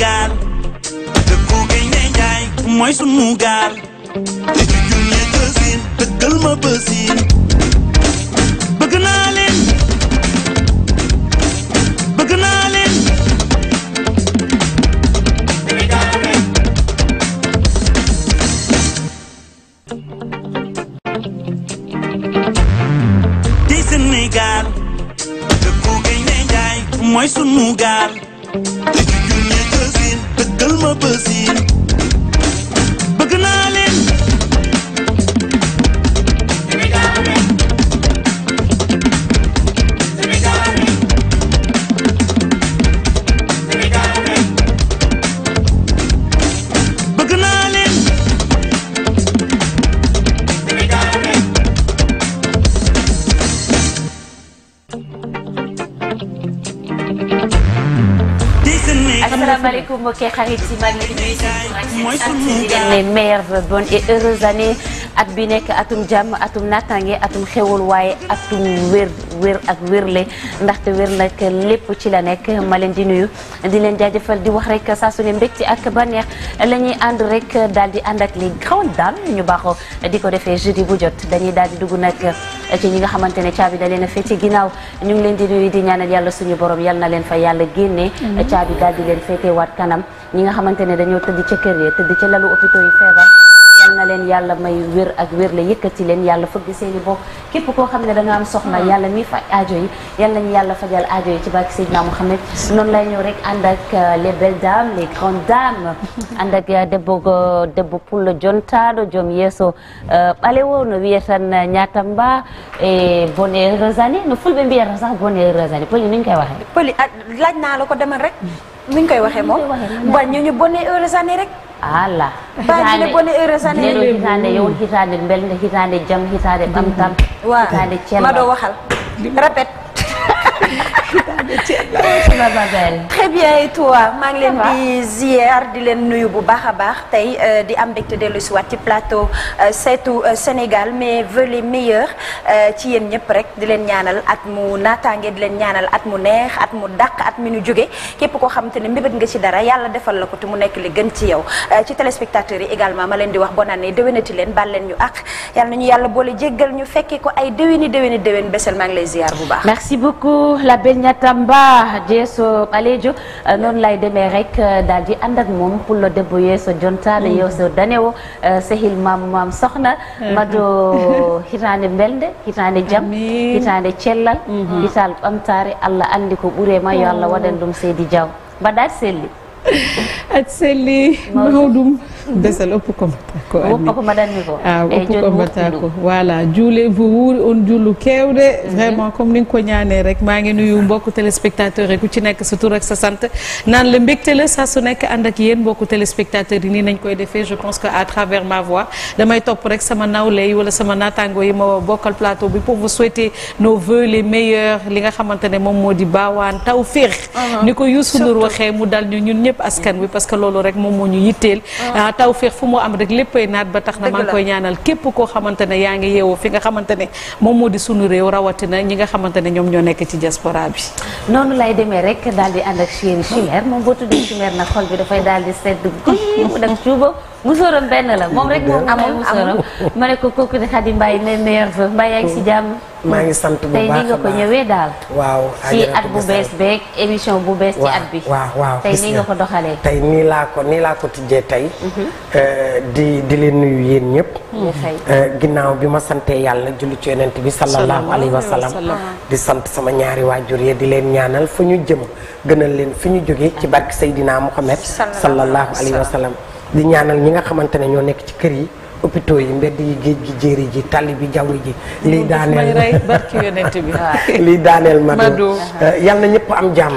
gaal dëkku gaynde njaay mooy sunu gaal te ci junne tësin dëggal ma bësin bëgg naa leen bëgg naa leen di Sénégal dëkku gaynde njaay mooy sunu gaal mbokkee xarit yi maa ngi nuyu di leen ne meilleures bonnes et heureuses années at bi nekk atum jàmm atum naataange atum xewul waaye atum wér wér ak wérle ndaxte wér nag lépp ci la nekk ma leen di nuyu di leen jaajëfal di wax rek saa su ne ak bànneex la ñuy ànd rek daal di ànd ak les grandes ñu baaxoo di ko defee jeudi bu jot dañuy daal di dugg nag ci ñi nga xamante ne caabi da leen a féete ginnaaw ñu ngi leen di nuyu di ñaanal yàlla suñu borom yal na leen fa yàlla génne caabi daal di leen féete waat kanam ñi nga xamante ne dañoo tëdd ca kër ya tëdd ca lalu hôpitaux yi feebar yal na leen yàlla may wér ak wér la yëkkati leen yàlla fëgg seeni bo képp koo xam ne da nga am soxla mm. yàlla mi faj aajo yi yal nañu yàlla fajal aajo yi ci barke Seydina Mouhamed noonu lay ñëw rek ànd ak euh, les belles dames les grandes dames ànd ak euh, debbo debbo pullo jontaaɗo joom yeeso ɓalewo euh, no wiya tan ñatamba e bonne heureuse année no fulɓe mbiyata sax bonne heureuse année poli ni ñu koy waxee ah, laaj naa ko demal rek ni ñu koy waxee moom. ba ñu ñu bonne heure sànni rek. ala hitaande bonne heure sànni rek. neno hitaande yow hitaande mbelde hitaande jam hitaande ɓamtam. waaw ma doo waxal répète. très bien et toi maa ngi leen di ziar di leen nuyu bu baax a baax tey euh, di am mbégte dellu si ci plateau euh, seetu euh, Sénégal mais veut les meilleurs ci yéen ñëpp rek di leen ñaanal at mu naataange di leen ñaanal at mu neex at mu dàq at mi nu jóge képp koo xam te ne mbébét nga ci dara yàlla defal la ko te mu nekk li gën ci yow ci téléspectateurs yi également ma leen di wax bonne année déwénati leen baal leen ñu ak yàlla nañu yàlla boole jéggal ñu fekkee ko ay déwéni déwéni déwén besel maa ngi lay ziar bu baax merci Samba Jeeso Alejo euh, noonu lay demee rek euh, daal di ànd ak moom pour le débrouiller so jontaane mm. yow so danewo sehil euh, maam maam soxna mm-hmm. mado hitaande mbelde hitaande jam hitaande cellal mm-hmm. hitaal ɓamtaare allah andi ko ɓuree ma yo allah mm-hmm. waɗan ɗum seydi diaw mbaɗaat selli aɗa selli mawɗum besel oppo kombatta ko a oppo kombatta ko ah, eh, voilà juule bo wuuri on jullu kewɗe mhm. vraiment comme ni nga ko ñaane rek maa ngi nuyu mbokku téléspectateur yi ku ci nekk sa tur ak sa sant naan la mbégte la saa su nekk ànd ak yéen mbokku téléspectateur yi nii nañ koy defee je pense que à travers ma voix damay topp rek sama nawle wala sama naataango yi ma bokkal plateau bi pour vous souhaiter nos voeux les meilleurs li nga xamante ne moom moo di baawaan tawfiix uh-huh. ni lépp askan wi parce que loolu rek moom moo ñu yitteel ah. ah, taw féex fu mu am rek léppay naat ba tax na maa ngi koy ñaanal képp koo xamante ne yaa ngi yeewoo fi nga xamante ne moom moo di sunu réew rawatina ñi nga xamante ne ñoom ñoo nekk ci diaspora bi noonu lay demee rek daal di ànd ak chéri chimère moom boo tuddee chimère nag xol bi dafay daal di sedd guy mu dem cuuba musóoram benn la moom rek moom amul musóoram ma ne ko kooku di Xadi Mbaye ne meilleur vœu yaa ngi si jàmm maa ngi sant bu baax tey waaw ci émission bu bees ci tey ni nga nii laa ko nii laa tijjee tey mhm. eh, di di leen nuyu yéen ñëpp eh, ginnaaw bi ma santee yàlla julli ci bi sallallahu alayhi wa di sant sama ñaari waajur yi di leen ñaanal fu ñu jëm gënal leen fu ñu jógee ci barke Seydina Muhammad sallallahu alayhi wa sallam di ñaanal ñi nga xamante ne ñoo nekk ci kër yi hôpitaux yi mbedd yi géej gi jéeri ji tali bi jaww ji lii daaneel lii daaneel Mado yal na ñëpp am jàmm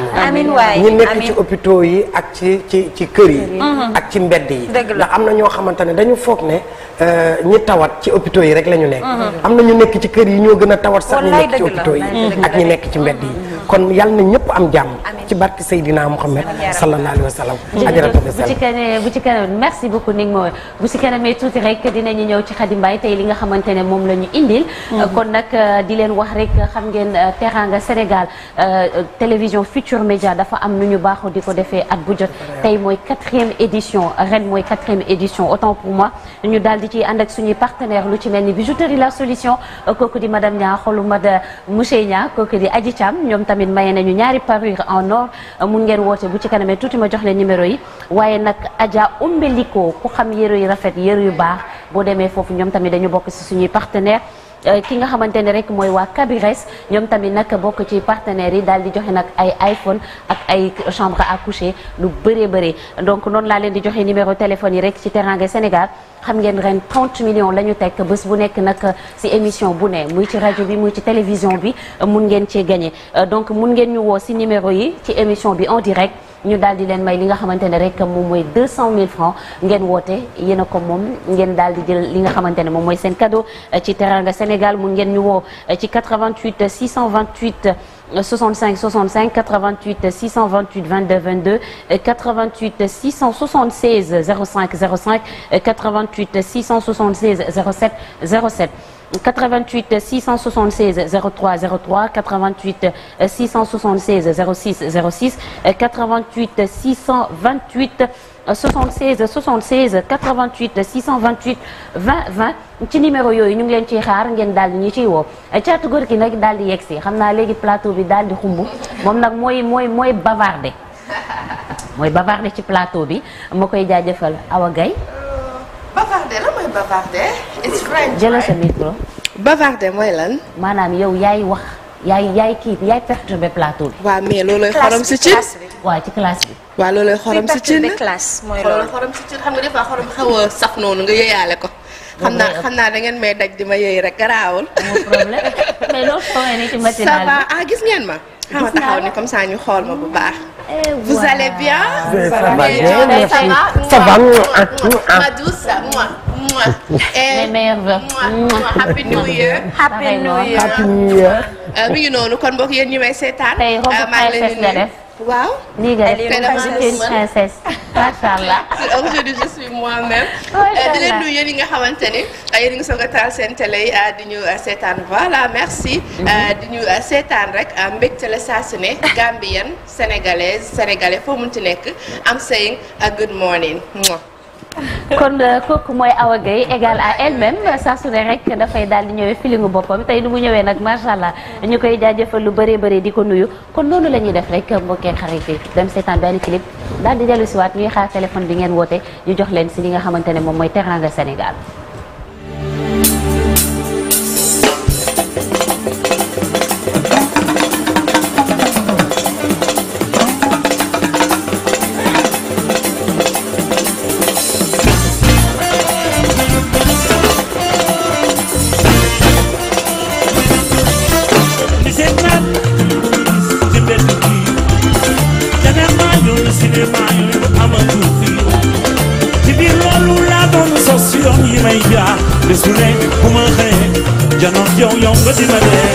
ñi nekk ci hôpitaux yi ak ci ci ci kër yi ak ci mbedd yi ndax am na ñoo xamante ne dañu foog ne euh, ñi tawat ci hôpitaux yi rek la ñu nekk mm-hmm. am na ñu nekk ci kër yi ñoo gën a tawat sax ñu nekk ci hôpitaux yi ak ñi nekk ci mbedd yi mm-hmm. kon yal na ñëpp am jàmm ci barke Seydina Mouhamed sallallahu alayhi wa sallam bu ci kanam bu ci kanam merci beaucoup ni nga ma bu ci kanamee tuuti rek ñu ñëw ci Khady Mbaye tey li nga xamante ne moom la ñu indil mhm. kon nag euh, di leen wax rek xam ngeen euh, Teranga Sénégal euh, télévision Futur Média dafa am nu ñu baaxoo di ko defee ak bu jot tey mooy quatrième édition ren mooy quatrième édition autant pour moi ñu daal di ci ànd ak suñuy partenaire lu ci mel ni bijouterie La Solution kooku di madame Nia xolu mad monsieur Nia kooku di Adji tamit maye nañu ñaari parure en or mun ngeen woote bu ci kanamee tuuti ma jox leen numéro yi waaye nag Adja Umbeliko ku xam yëre yu rafet yëre yu baax boo demee foofu ñoom tamit dañu bokk si suñuy partenaire euh, ki nga xamante ni rek mooy waa Kabires ñoom tamit nag bokk ci partenaire yi daal di joxe nag ay iPhone ak ay chambre à coucher lu bëree bëri donc noonu laa leen di joxe numéro téléphone yi rek ci Teranga Sénégal xam ngeen ren 30 millions la tekk teg bés bu nekk nag si émission bu ne muy ci rajo bi muy ci télévision bi mun ngeen cee gagné donc mun ngeen ñu woo si numéro yi ci émission bi en direct ñu daal di leen may li nga xamante ne rek moom mooy 200000 francs ngeen woote yéen a ko moom ngeen daal di jël li nga xamante ne moom mooy seen cadeau ci Teranga Sénégal mun ngeen ñu woo ci 88 628. 65 65 88 628 22 22 88 676 05 05 88 676 07 07 88 676 03 03 88 676 06 06 88 628 76 76 88 628 20 20 ci numéro yooyu ñu ngi leen ciy xaar ngeen daal di ñu ciy woo euh, caatu góor nag daal di yegg si xam naa léegi plateau bi daal di xumb moom nag mooy mooy mooy bavarde mooy bavarde ci plateau bi ma koy jaajëfal Awa Gaye euh, bavarde la mooy bavarde. jëlal sa micro. bavarde mooy lan. maanaam yow yaay wax. yaay yaay kii yaay perturbé plateau bi. waaw mais loolooy xorom si cin waaw ci classe bi. waaw loolooy xorom si cin la classe xam nga des fois xorom xaw sax noonu nga yëyaale ko. xam naa xam naa da ngeen may daj di ma yëy rek garaawul. amul problème mais loolu toogee nii ci matinale bi ça va ah, ma. gis naa taxaw ni ñu xool ma bu baax. Eh, vous allez bien. ça les meilleurs vœux. happy moi-même. Eh, di leen nuyu yéen yi nga xamante ni eh, yéen nga soog a taal seen télé yi eh, di ñu seetaan voilà merci. Mhm. di ñu seetaan rek mbégte la saa su ne Gambienne sénégalaise sénégalais foo munti nekk am saying good morning. kon euh, kooku mooy Awa Gueye égale a elle-même saa su ne rek dafay daal di ñëwee filingu boppam tey nu mu ñëwee nag macha allah ñu koy jaajëfal lu bëree bëri di ko nuyu kon noonu la ñuy def rek mbokkee xarit yi dem seetaan benn clip daal di dellu siwaat ñuy xaar téléphone bi ngeen woote ñu jox leen si li nga xamante ne moom mooy teranga Sénégal yow yow nga di ma dee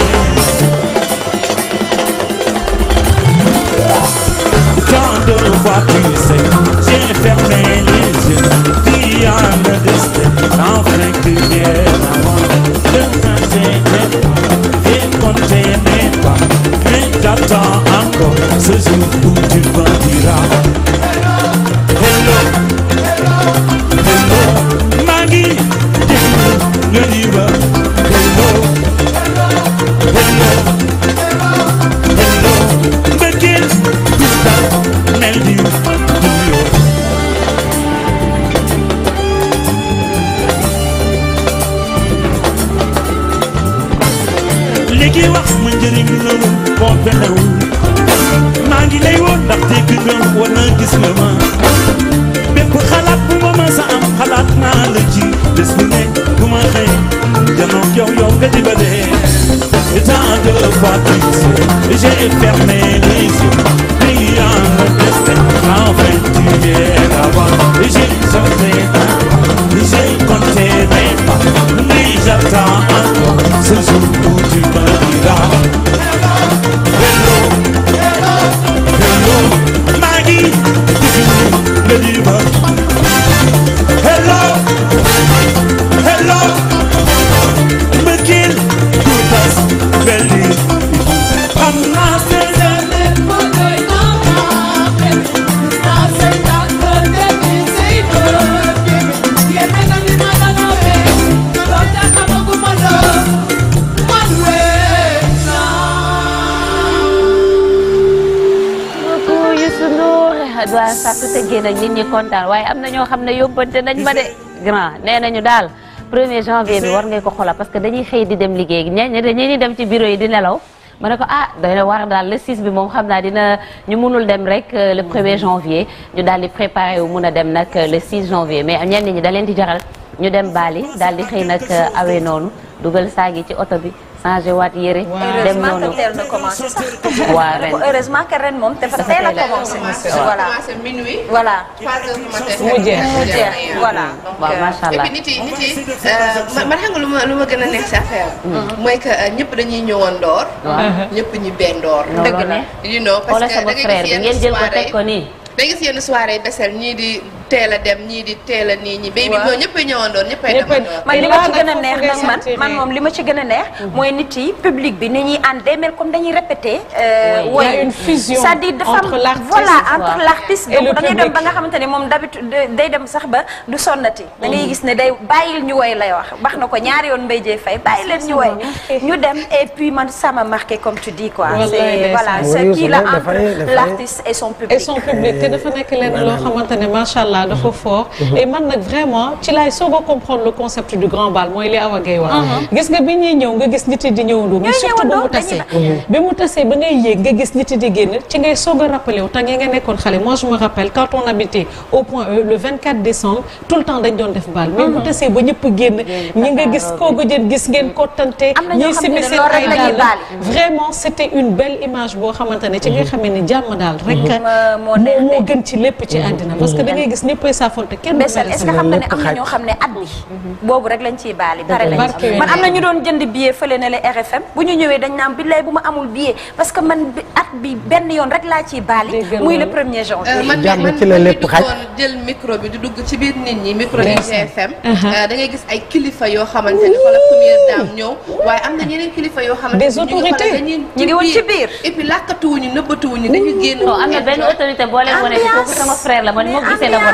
nit ñi kontaan waaye am na ñoo xam ne yóbbante nañ ma de grand nee nañu daal premier janvier bi war ngay ko xoolal parce que dañuy xëy di dem liggéey ñi ñi dem ci bureau yi di nelaw ma ne ko ah day war daal le 6 bi moom xam naa dina ñu mënul dem rek euh, le premier janvier ñu daal di préparé wu mun a dem nag euh, le 6 janvier mais ñenn ñi daleen di jaral ñu dem Bali daal di xëy nag euh, awee noonu dugal saagi ci oto bi changé waat yére. dem noonu heureusement que teel na commencé sax. waaw ren heureusement que ren moom dafa teel a mu jeex mu jeex man xam lu ma gën a nekk si affaire mm-hmm. Mm-hmm. mooy que euh, ñëpp dañuy ñëwandoor. ñëpp ñu bendoor. dëgg you know parce que da ngay gis yenn soirée da ñii di. teel a dem ñii di teel a nii ñi bay bi ñoo ñëpp a ñëwandoon ñëpp ay demandoon man li ma ci gën a neex a neex mhm. mooy nit yi public bi ni ñuy àndee mel comme dañuy répété woy cest à dafa voilà entre l'artiste da ngay dem ba nga xamante ne moom d'habitude day dem sax ba du sonnati da ngay mhm. gis ne day bàyyil ñu woy lay wax wax na ko ñaar yoon Mbaye Dieye Faye bàyyi leen ñu woy mhm. ñu dem et puis man ça m'a marqué comme tu dis quoi c'est voilà ah ce qui la entre l'artiste et son public te dafa nekk leen loo daal dafa fort. Mhm. et man nag vraiment ci laay soog comprendre le concept du grand bal mooy li Awa Gueye wax. Mhm. gis nga bi ñuy ñëw nga gis nit yi di ñëwandu. mais surtout ba mu tasee. bi mu tasee ba ngay yéeg nga gis nit yi di génn ci ngay soog a rappelé wu te ngeen xale moi je rappelle quand on habitait au point e, le décembre tout le temps dañ doon def bal. mais mu mhm. tasee ba ñëpp génn nga gis koo gëjën gis ngeen kottante. ñi simi seen ay daal vraiment c' une boo xamante ne ne jàmm daal rek moo ñëppay saafonte kenn mais est-ce que xam nga am na ñoo xam ne at bi boobu rek lañ ciy baali pare lañ man am na ñu doon jënd billet fële ne la RFM bu ñu ñëwee que man at bi benn yoon rek laa ciy baali muy le premier janvier euh, man man ci la lépp xaj jël dugg ci biir nit ñi micro bi RFM uh-huh. euh, da ngay gis ay kilifa yoo xamante ne xoolal première dame ñëw waaye am na ñeneen kilifa yoo xamante des autorités ñu ngi woon ci biir oh, na benn autorité boo leen wane sama frère la man moo gisee la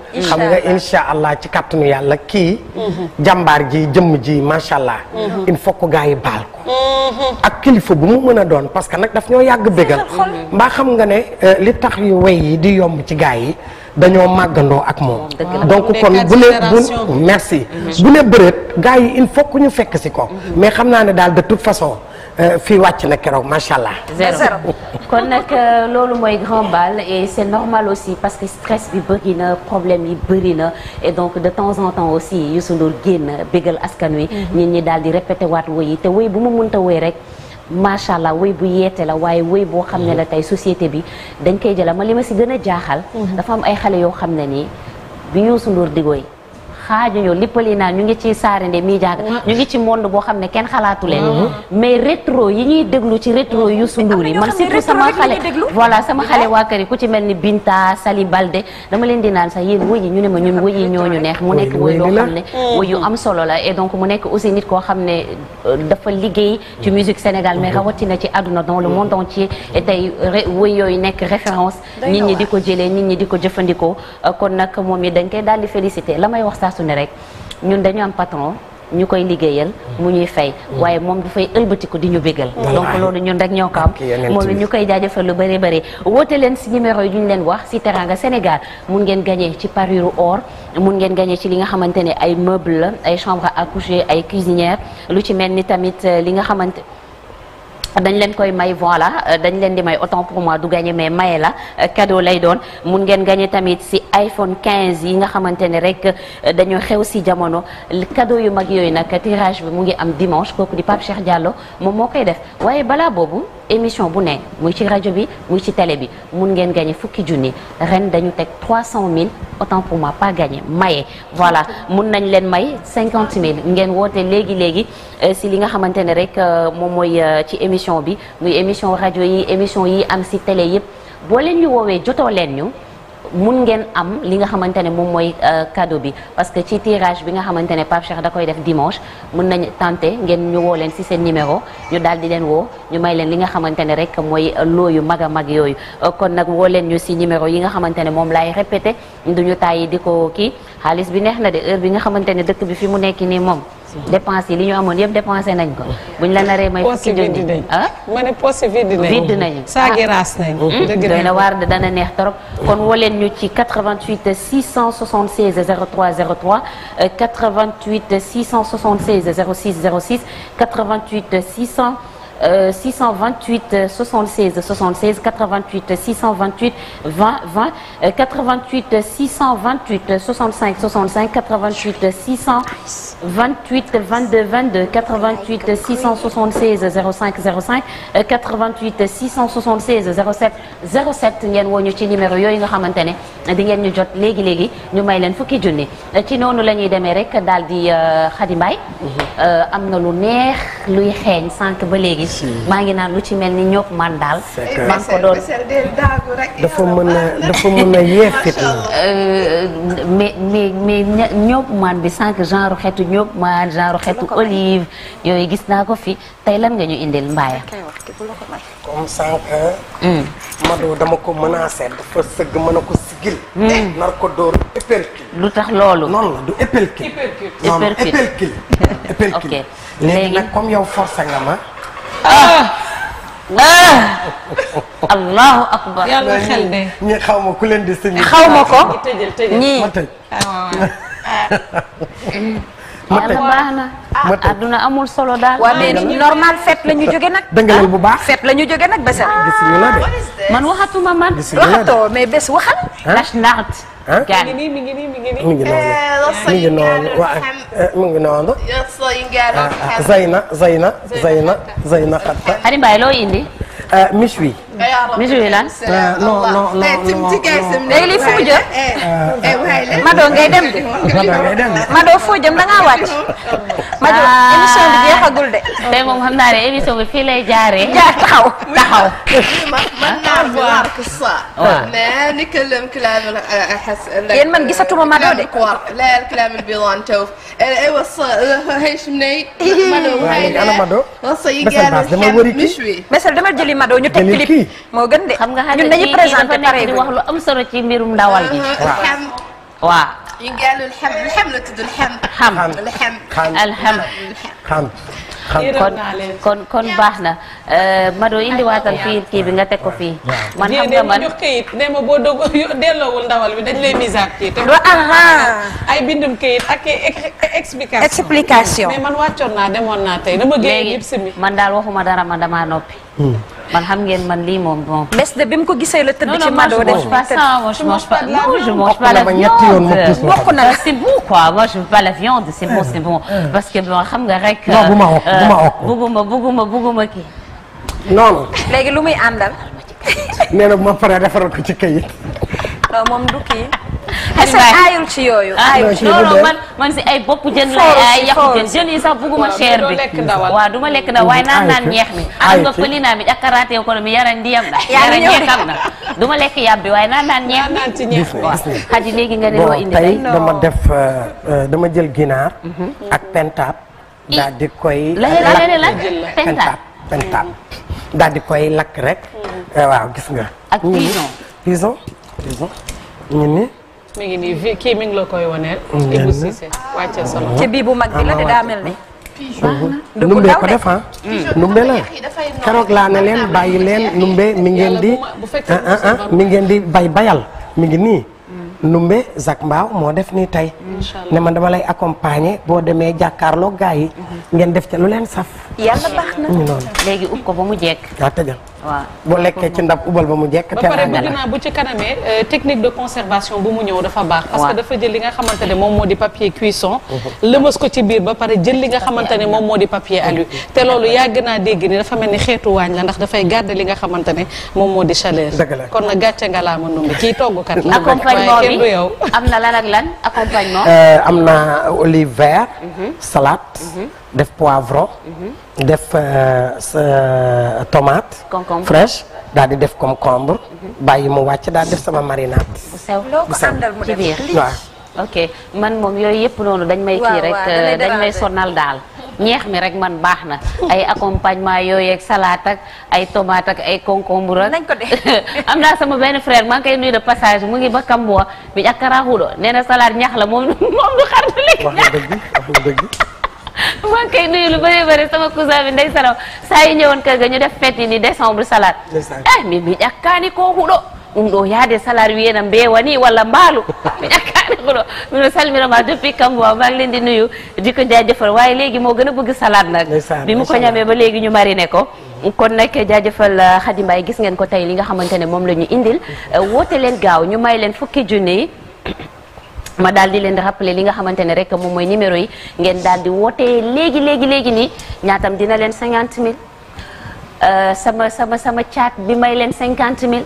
xam nga incha allah ci kàttanu yàlla kii. Mhm. jàmbaar ji jëmm ji macha allah. Mhm. il faut que gars yi baal ko. Mhm. ak kilifa bu mu mën a doon parce que nag daf ñoo yàgg bégal. mbaa xam nga ne euh, li tax yu wey yi di yomb ci gars yi dañoo màggandoo ak moom. donc kon bu ne bu merci. bu ne bërët gars yi il faut que ñu fekk si ko. mais xam naa ne daal de toute façon. Euh, fii wàcc na keroog macha allah. kon nag euh, loolu mooy grand bal et c' est normal aussi parce que stress bi bëri na problème yi bëri na et donc de temps en temps aussi Youssou Ndour génn bégal askan wi. Mhm. nit ñi daal di répété waat woy yi te woy bu ma mënta woy rek. macha allah wéy bu yeete la waaye wéy boo xam ne la mhm. tey société bi dañ koy jëla ma li ma si gën a jaaxal. Mhm. dafa am ay xale yoo xam ne nii bi Youssou Ndour digooy xaajuñu lippali naa ñu ngi ci saarinde mii jaaga ñu ngi ci monde boo xam ne kenn xalaatu leen mais rétro yi ñuy déglu ci rétro yu sunduur yi man surtout sama xale voilà sama xale waa kër yi ku ci mel ni Binta Sali Balde dama leen di naan sax yéen wëy yi ñu ne ma ñun wëy yi ñooñu neex mu nekk wëy loo xam ne yu am solo la et donc mu nekk aussi nit koo xam ne euh, dafa liggéey ci musique Sénégal mais mm-hmm. rawatina ci àdduna dans le mm-hmm. monde entier et tey wëy yooyu nekk référence nit ñi di ko jëlee nit ñi di ko jëfandikoo euh, kon nag moom yi dañ koy daal di félicité la may wax sax saa su ne rek ñun dañu am patron ñu koy liggéeyal mu ñuy fay waaye moom dafay ëlbatiku di ñu bégal donc loolu ñun rek ñoo ko am moom ñu koy jaajëfal lu bëri bëri woote leen si numéro yi ñu leen wax si Teranga Sénégal mun ngeen gagné ci parure or mun ngeen gagné ci li nga xamante ne ay meuble ay chambre à coucher ay cuisinière lu ci mel ni tamit euh, li nga xamante dañ leen koy may voilà euh, dañ leen di may autant pour moi du gagné mais maye la euh, cadeau lay doon mun ngeen gagné tamit si iPhone 15 yi nga xamante ne rek euh, dañoo xew si jamono cadeau yu mag yooyu nag tirage bi mu ngi am dimanche kooku di Pape Cheikh Diallo moom moo koy def waaye balaa boobu. émission bu nekk muy ci rajo bi muy ci télé bi mun ngeen gagné fukki junni ren dañu teg 300000 autant pour moi pas gagné maye. voilà mun nañ leen may 50000 ngeen woote léegi léegi euh, si li nga xamante ne rek euh, moom mooy euh, ci émission bi muy émission rajo yi émission yi am si télé yëpp boo leen ñu woowee jotoo leen ñu. mun ngeen am li nga xamante ne moom mooy euh, cadeau bi parce que ci tirage bi nga xamante ne Pape da koy def dimanche mun nañu tenter ngeen ñu woo leen si seen numéro ñu daal di leen woo ñu may leen li nga xamante ne rek mooy euh, loo yu mag a mag yooyu euh, kon nag woo leen ñu si numéro yi nga xamante ne moom laay répété ñu tàyyi di ko kii xaalis bi neex na de heure bi nga xamante ne dëkk bi fi mu nekk nii moom dépense yi li ñu amoon yëpp dépensé nañ ko buñ la naree may fukki junni ah ma ne poche vide nañ vide nañu saagiraas nañ ah. mm-hmm. doy na waar de dana neex torop kon woleen ñu ci 88 676 03 03 88 676 06 06 88 600 628 76 76 88 628 20 20 88 628 65 65 88 628 22 22 88 676 05 05 88 676 07 07 ngeen woo ñu ci numéro yooyu nga xamante ne di ngeen ñu jot léegi léegi ñu may leen fukki junni euh, ci noonu la ñuy demee rek daal di Xadi euh, Mbaay mhm. euh, am na lu neex luy xeeñ sànq ba léegi. maa ngi naan lu ci mel ni ñook man daal. Eh, man ko doon dafa mën a dafa mën a yee fitna. Euh, mais mais mais bi sànq genre xeetu ñook man genre xeetu olive yooyu gis naa ko fi tey lan nga ñu indil mbaaya. comme sànq. Hmm. Madou dama ko menacé dafa sëgg mën a ko sigil. Hmm. lu tax loolu. noonu du épercule. épercule non non épercule. léegi nag comme yow forcé nga ma. Ah. Ah. allahu akbar. yàlla xel de ñi xaw ma ku leen di sëñ. xaw ma ko ñii ma tëj. Ah, ma tëj ma tëj adduna amul solo daal. waaw mais normal fête la ñu jóge nag. dëngalal bu baax fête la ñu jóge nag Bessél. man waxatuma man. waxatoo mais bés waxal. ndax naat. ah mi ah, ngi nii mi ngi nii mi ngi nii. mi ngi noonu mi ngi noonu waaw mi ngi noonu. Zayna Zayna Zayna Zayna Xatta. Xadi Mbaye loo indi. Eh, Michwi. Miss Wilane. non non non non léegi lii dem de. Mado foo jëm da ngaa wàcc. Mado émission bi jeexagul de. fii lay jaaree. jaar taxaw taxaw. man naa voir que ça. waaw de. leer kilaam bi woon teew. aywa de. ana Mado. message dama wëri kii ñu teg moo gën de xam nga xam ne lu am solo ci mbirum ndawal gi waaw ñu xam kon kon baax na euh, Mado indiwaatal fii kii bi nga teg ko fii. man xam nga man jox kayit nee ma boo doog delloowul ndawal bi dañ lay mise à pied. ay bindum kayit ak explication. explication mais man wàccoon naa demoon naa tey dama génn yëpp man daal waxuma dara ma damaa noppi. Hmm. man xam ngeen man lii moom moom. mais de bi mu ko gisee la tëdd ci mado. de je mange pas je mange pas la viande bokk na c'est bon quoi moi je veux pas la viande c'est bon c'est bon parce que bon xam nga rek. non bu ma euh, ok bu ma ok bëgguma bëgguma bëgguma kii. non non. léegi lu muy àndal. nee na bu ma paree defaral ko ci kayit. non moom du kii. est-ce que aayul ci yooyu. Ah, aayul ci non non man man si ay bopp jën la ay yàqu jën jën yi sax bugguma cher bi waaw du lekk ndawal waaye naan ñeex mi am nga fëlinaa mi yara ndiyam na yara ñeexam na du lekk yàbbi waaye naan ñeex mi waaw xaji nga ne loo indi tey dama def euh, euh, dama jël ginaar mhm. ak pentaab daal koy lakk pentaab rek mhm. eh, waaw gis nga ak pison mhm. pison mi ngi nii mi ngi la koy waneel. Ibou Cissé wàccee sa bii bu mag bi la de daa mel ni. numbe ko def ah. Hmm. la keroog laa ne leen bàyyi leen numbe mi ngeen di. Ah, ah, ah, mi ngeen di bay bayal mi ngi nii. Hmm. numbe Zac Mbao moo def nii tey. ne ma dama lay accompagner boo demee jàkkaarloo gaa yi. Hmm. ngeen def ca lu leen saf. yàlla baax na. léegi ub ko ba mu jekk. waaw tëjal waaw. boo lekkee ci ndab ubal ba mu jekk. te ba pare bëgg naa bu ci kanamee euh, technique de conservation bu mu ñëw dafa baax. parce que dafa jël li nga xamante ne moom moo di papier cuisson. Mhm. lëmas ko ci biir ba pare jël li nga xamante ne moom moo di papier alu. Mhm. te loolu yàgg naa dégg ni dafa mel ni xeetu waañ la ndax dafay garder li nga xamante ne moom moo di chaleur. kon na gàcce nga laa ma numbi kii toggkat la. accompagnement bi am na lan ak lan accompagnement. Euh, am na olive vert mhm. salade. def poivron. Mhm. def euh, euh, tomate. concombre fraîche daal di def concombre. Mhm. bàyyi mu wàcc daal def sama marinade. bu sew bu ci biir ok man moom yooyu yëpp noonu dañ may kii rek euh, dañ may sonal daal. ñeex mi rek man baax na ay accompagnement yooyu ak salade ak ay tomate ak ay concombre ak am naa sama benn frère maa ngi koy nuyu de passage mu ngi ba Kambowa bi ak Karahudo nee na ñax la moom moom du xar du lekk. wax nga dëgg wax nga dëgg. maa ngi nuyu lu bëree bëri sama cousin bi ndey saraw saa yi ñëwoon kër ga ñu def fête yi salaat décembre salade ay eh, mi mi ƴakkaani ko huɗo um ɗum salaat yaade salade wiyena mbeewa ni walla mbaalu mi ƴakkaani huɗo mino salminoma depuis kambo maa ngi leen di nuyu di ko jaajëfal waaye léegi moo gën a bëgg salade nag bi mu ko ñamee ba léegi ñu marine ko kon nag jaajëfal euh, Khady Mbaye gis ngeen ko tey li nga xamante ne moom la ñu indil mm-hmm. euh, woote leen gaaw ñu may leen fukki junne yi ma daal di leen di li nga xamante ne rek moom mooy numéro yi ngeen daal di woote léegi léegi léegi nii ñaatam dina leen cinquante mille euh, sama sama sama caat bi may leen cinquante mille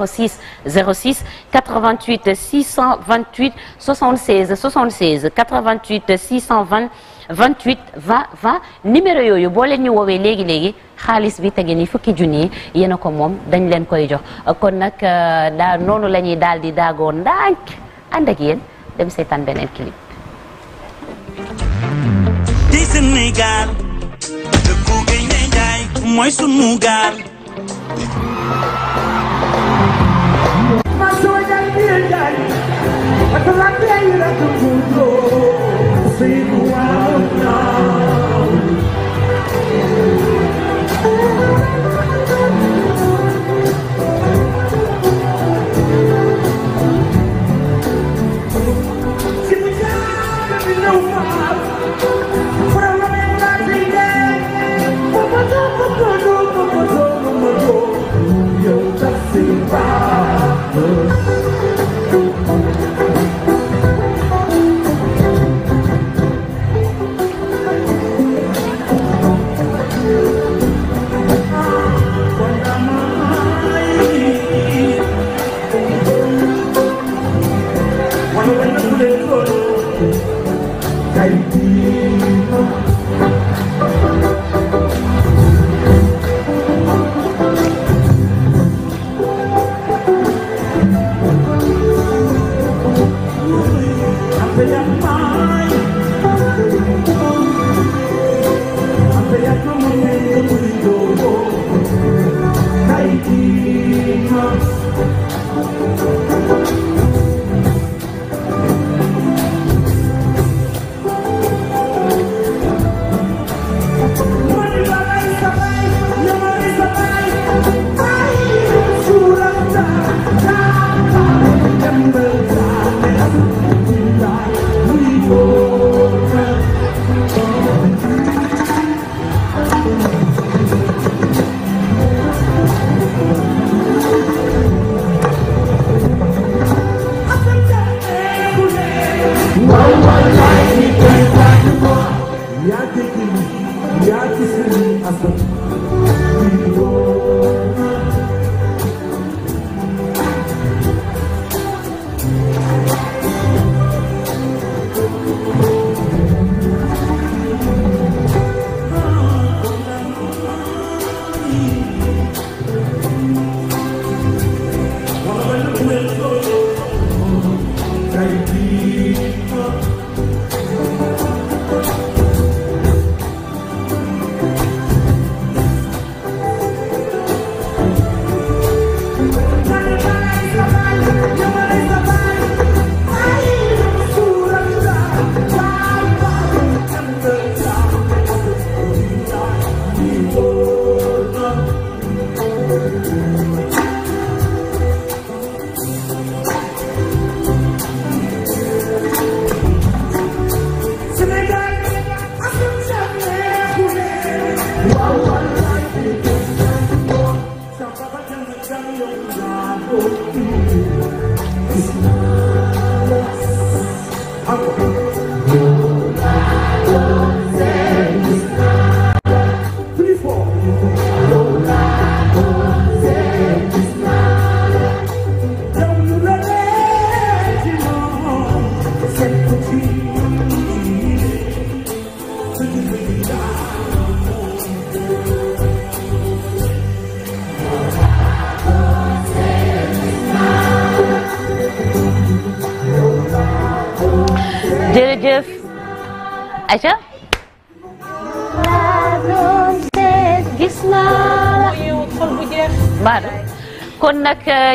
06 06 88 628 76 76 88 620 28 20 20 numéro yooyu boo leen ñu woowee léegi léegi xaalis bi tege ni fukki junni yi yéen ko moom dañ leen koy jox kon nag euh, daa noonu la ñuy daal di daagoo ndànk ànd ak yéen dem seetaan beneen clip. di Sénégal Sing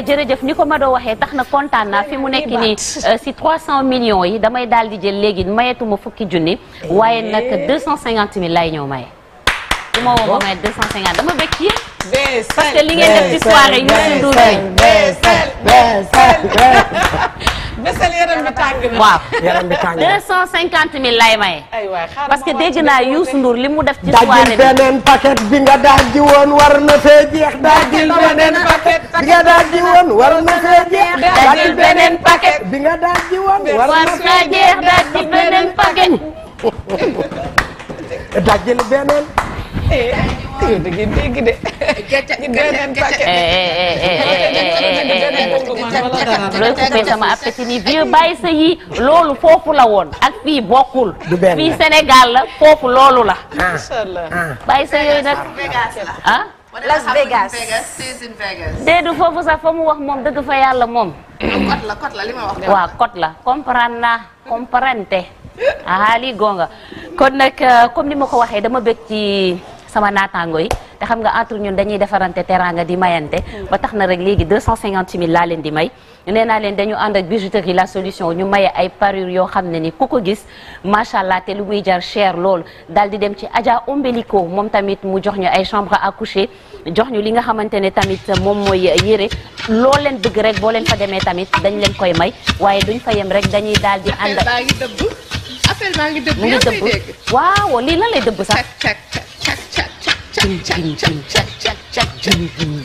jërëjëf ni ko Mado waxee tax na kontaan naa fi mu nekk nii euh, si 300 yi damay dal di jël léegi mayeetuma fukki junni waaye nag 250 eh. 000 laay ñëw maye. du ma woo ma maye dama bëgg yéen. parce li ngeen def ci soirée ñu ngi Bessél yaram bi tàng na. waaw yaram bi tàng na 250000 lay maye. aywa xaaral parce que dégg naa Youssou Ndour li mu def. ci soirée bi dajji beneen paquet bi nga dajji woon war na fee jeex. dajji beneen paquet bi nga dajji woon war na fee jeex. dajji beneen paquet bi nga dajji woon war na fee jeex. dajji beneen paquet. dajji beneen. eh yow de. gerte gerte sama sa la woon ak fii bokkul. fii Sénégal la foofu loolu la. Ah. bàyyi sa yooyu ah? fa mu wax moom dëgg fa yàlla moom. la kot la kot la comprendre naa comprendre te. ah gonga kon nag euh, comme ni ma ko waxee dama bëgg ci. sama naataango yi te xam nga entre ñun dañuy defarante teraanga di mayante mm. ba tax na rek léegi laa leen di may nee leen dañu ànd ak bijouterie la solution ñu maye ay parure yoo xam ne ni ku ko gis macha allah te lu muy jar cher lool daal di dem ci Adja Ombelico moom tamit mu jox ñu ay chambre à jox ñu li nga xamante ne tamit moom mooy yére loo leen bëgg rek boo leen fa demee tamit dañ leen koy may waaye duñ fa yem rek dañuy daal di ànd appel baa ngi dëbb mu ngi cak cak cak cak cak cak cak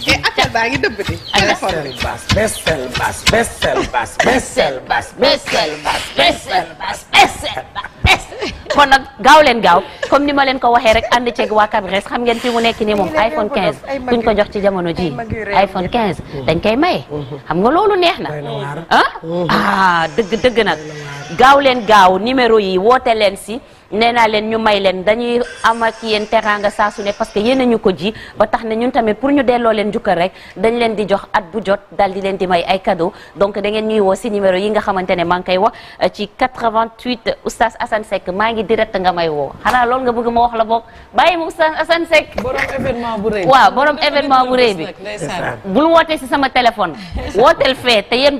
et eh, appel baa ngi dëbb di téléphone bi bas besel bas besel bas besel bas besel bas besel bas besel bas kon nag gaaw leen gaaw comme ni ma leen ko waxee rek ànd ceeg waa Kabres xam ngeen fi mu nekk nii moom iPhone 15 kuñ ko jox ci jamono ji iPhone 15 mm-hmm. dañ koy maye mm-hmm. xam nga loolu neex na ah, mm-hmm. ah dëgg dëgg nag gaaw leen gaaw numéro yi woote leen si nee naa leen ñu may leen dañuy am ak yéen teraanga saa ne parce que yéen ñu ko ji ba tax ne ñun tamit pour ñu delloo leen jukkal rek dañ leen di jox at bu jot daal di leen di may ay cadeau donc da ngeen ñuy woo si numéro yi nga xamante ne maa ngi koy wax ci 88 oustaz Assane Seck maa ngi direct nga may woo xanaa loolu nga bëgg ma wax la boog bàyyi ma oustaz Assane Seck. borom événement bu rëy bi waaw bul wootee si sama téléphone. wooteel fee te yéen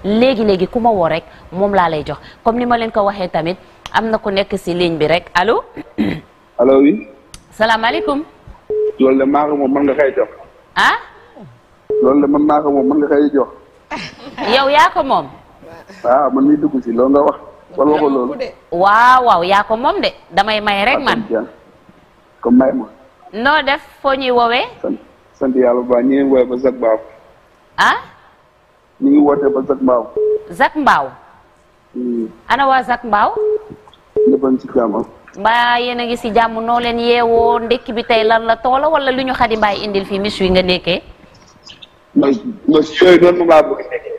léegi léegi ku ma woo rek moom laa lay jox comme ni ma leen ko waxee tamit am na ku nekk si ligne bi rek allo. allo oui. salaamaaleykum. loolu de maa ko moom mën nga koy jox. Ah? loolu de man mën nga koy jox. yow yaako moom. waaw ah, man mi dugg si loolu nga wax. wala waxul loolu. waaw waaw yaa ko moom de damay may rek ah, man. comme may ma. noo def foo ñuy woowee. sant sant yàlla bu baax ñu ngi ñu ngi woote ba Zac Mbao. Zac Mbao. Hmm. ana waa Zac a ngi ci jàmm. mbaa yéen ngi si jàmm noo leen yeewoo ndekki bi tey lan la toola wala lu ñu xadi mbaay indil fii mis wi nga nekkee. non ndekkee.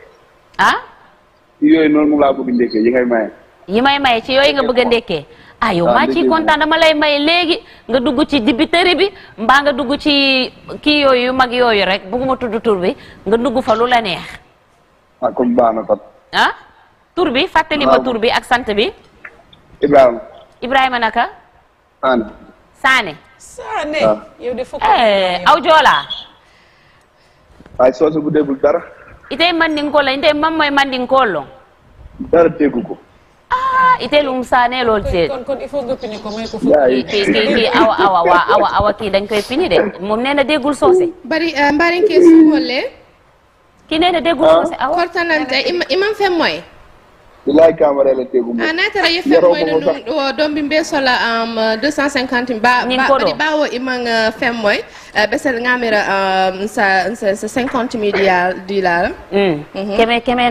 yooyu noonu moom laa bëgg ndekkee ah? yi ngay maye. yi may maye ci yooyu nga bëgg a ndekkee. ah yow maa ciy dama lay may léegi nga dugg ci dibiteri bi mbaa nga dugg ci kii yooyu yu mag yooyu rek bëgguma tudd tur bi nga dugg fa lu la neex. ah kon baax na kon. ah bi fàttali tur bi ak sant bi. Ibrahima. Ibrahima naka. Sane. Sane. Sane ah. yow de fokk. Eh, aw joolaa. waaye soosu bu déglu dara. itay mandinkool la itay man mandinkool la. dara déggu ko. ah itay lum Sane lool tey. kon kon il awa awa awa awa kii dañ pini de moom nee na déggul soose. bari eh, mbaari kee su ki nee na déggu ko si oh, aw kortanante imam fem moye bilaay camara la tegu mo anatara ah, ye fem moye no ɗum dombi mbe sola am 250 euh, ba baɗi ɓawo iman fem moye ɓesel ngamira keme keme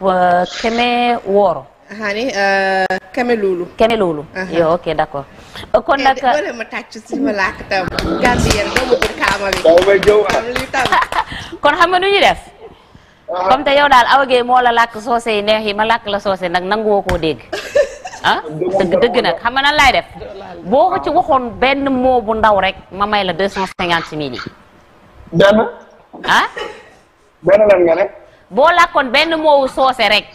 euh, keme wooro hani euh, keme lulu keme lulu yo ok d' kon nag eh, nu ñu def comme te yow daal Awa Gueye moo la làkk soose yi neex yi ma làkk la soose nag nanguwoo koo dégg ah? dëgg dëgg nag xam nga nan def boo ci waxoon benn moo bu ndaw rek ma may la deux cent cinquante mille benn ah boo làkkoon benn moowu soose rek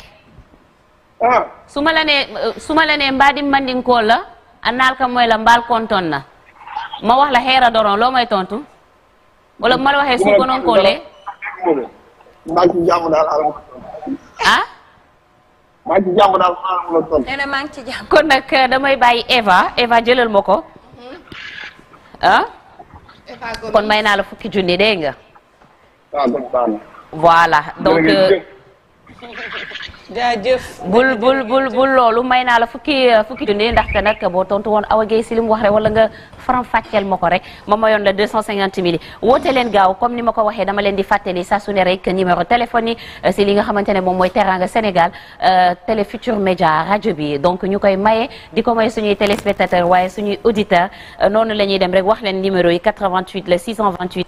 ah. su ma la nee su ma la nee mbaa di mandinkoor la a naal ka mooy la mbaal kontoon na ma wax la xeera doron loo may tontu wala bu ma la waxee su gonoon koolee maa ngi ah? maa ngi ci jàmm kon nag euh, damay bàyyi Eva Eva jëlal ma ko. Mm-hmm. Ah? kon may naa la fukki junni dégg nga. Ah, voilà donc. jaajëf bul bul bul bul loolu may naa la fukki fukki junni ndaxte nag boo tontu woon Awa si li mu wax rek wala nga faram fàcceel ma ko rek ma mayoon la 250 mille woote leen gaaw comme ni ma ko waxee dama leen di fàttali saa su ne rek numéro téléphone yi euh, si li nga xamante ne moom mooy Teranga Sénégal euh, Télé Futur Média rajo bi donc ñu koy maye di ko may suñuy téléspectateur waaye suñuy auditeur euh, noonu la ñuy dem rek wax leen numéro yi 88 la 628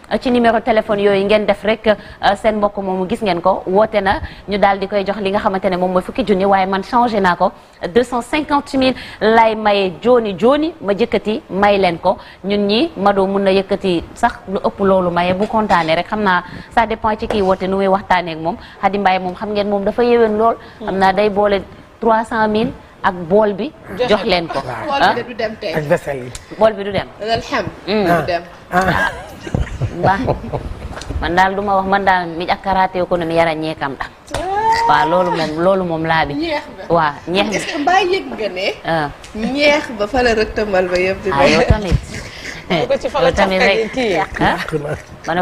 ci numéro téléphone yooyu ngeen def rek euh, seen mbokk moomu gis ngeen ko woote na ñu daal di koy jox li nga xamante ne moom mooy fukki junni waaye man changé naa ko 250000 lay maye jooni jooni ma jëkkati may leen ko ñun ñi Mado mun na yëkkati sax lu ëpp loolu maye bu kontaanee rek xam naa ça dépend ci kii woote nu muy waxtaanee moom Xadi Mbaye moom xam ngeen moom dafa yéwén lool. xam naa day boole mille ak bool bi jox leen ko. bool bi ah? bool bi du dem. baax man daal duma wax man daal mi akkarate ko no mi yara ñeekam ɗam waaw loolu moom loolu moom laa bi. ñeex ba waaw ñeex bi est-ce ah. ba fa la rëktamal ba yëpp. di ah yow ah?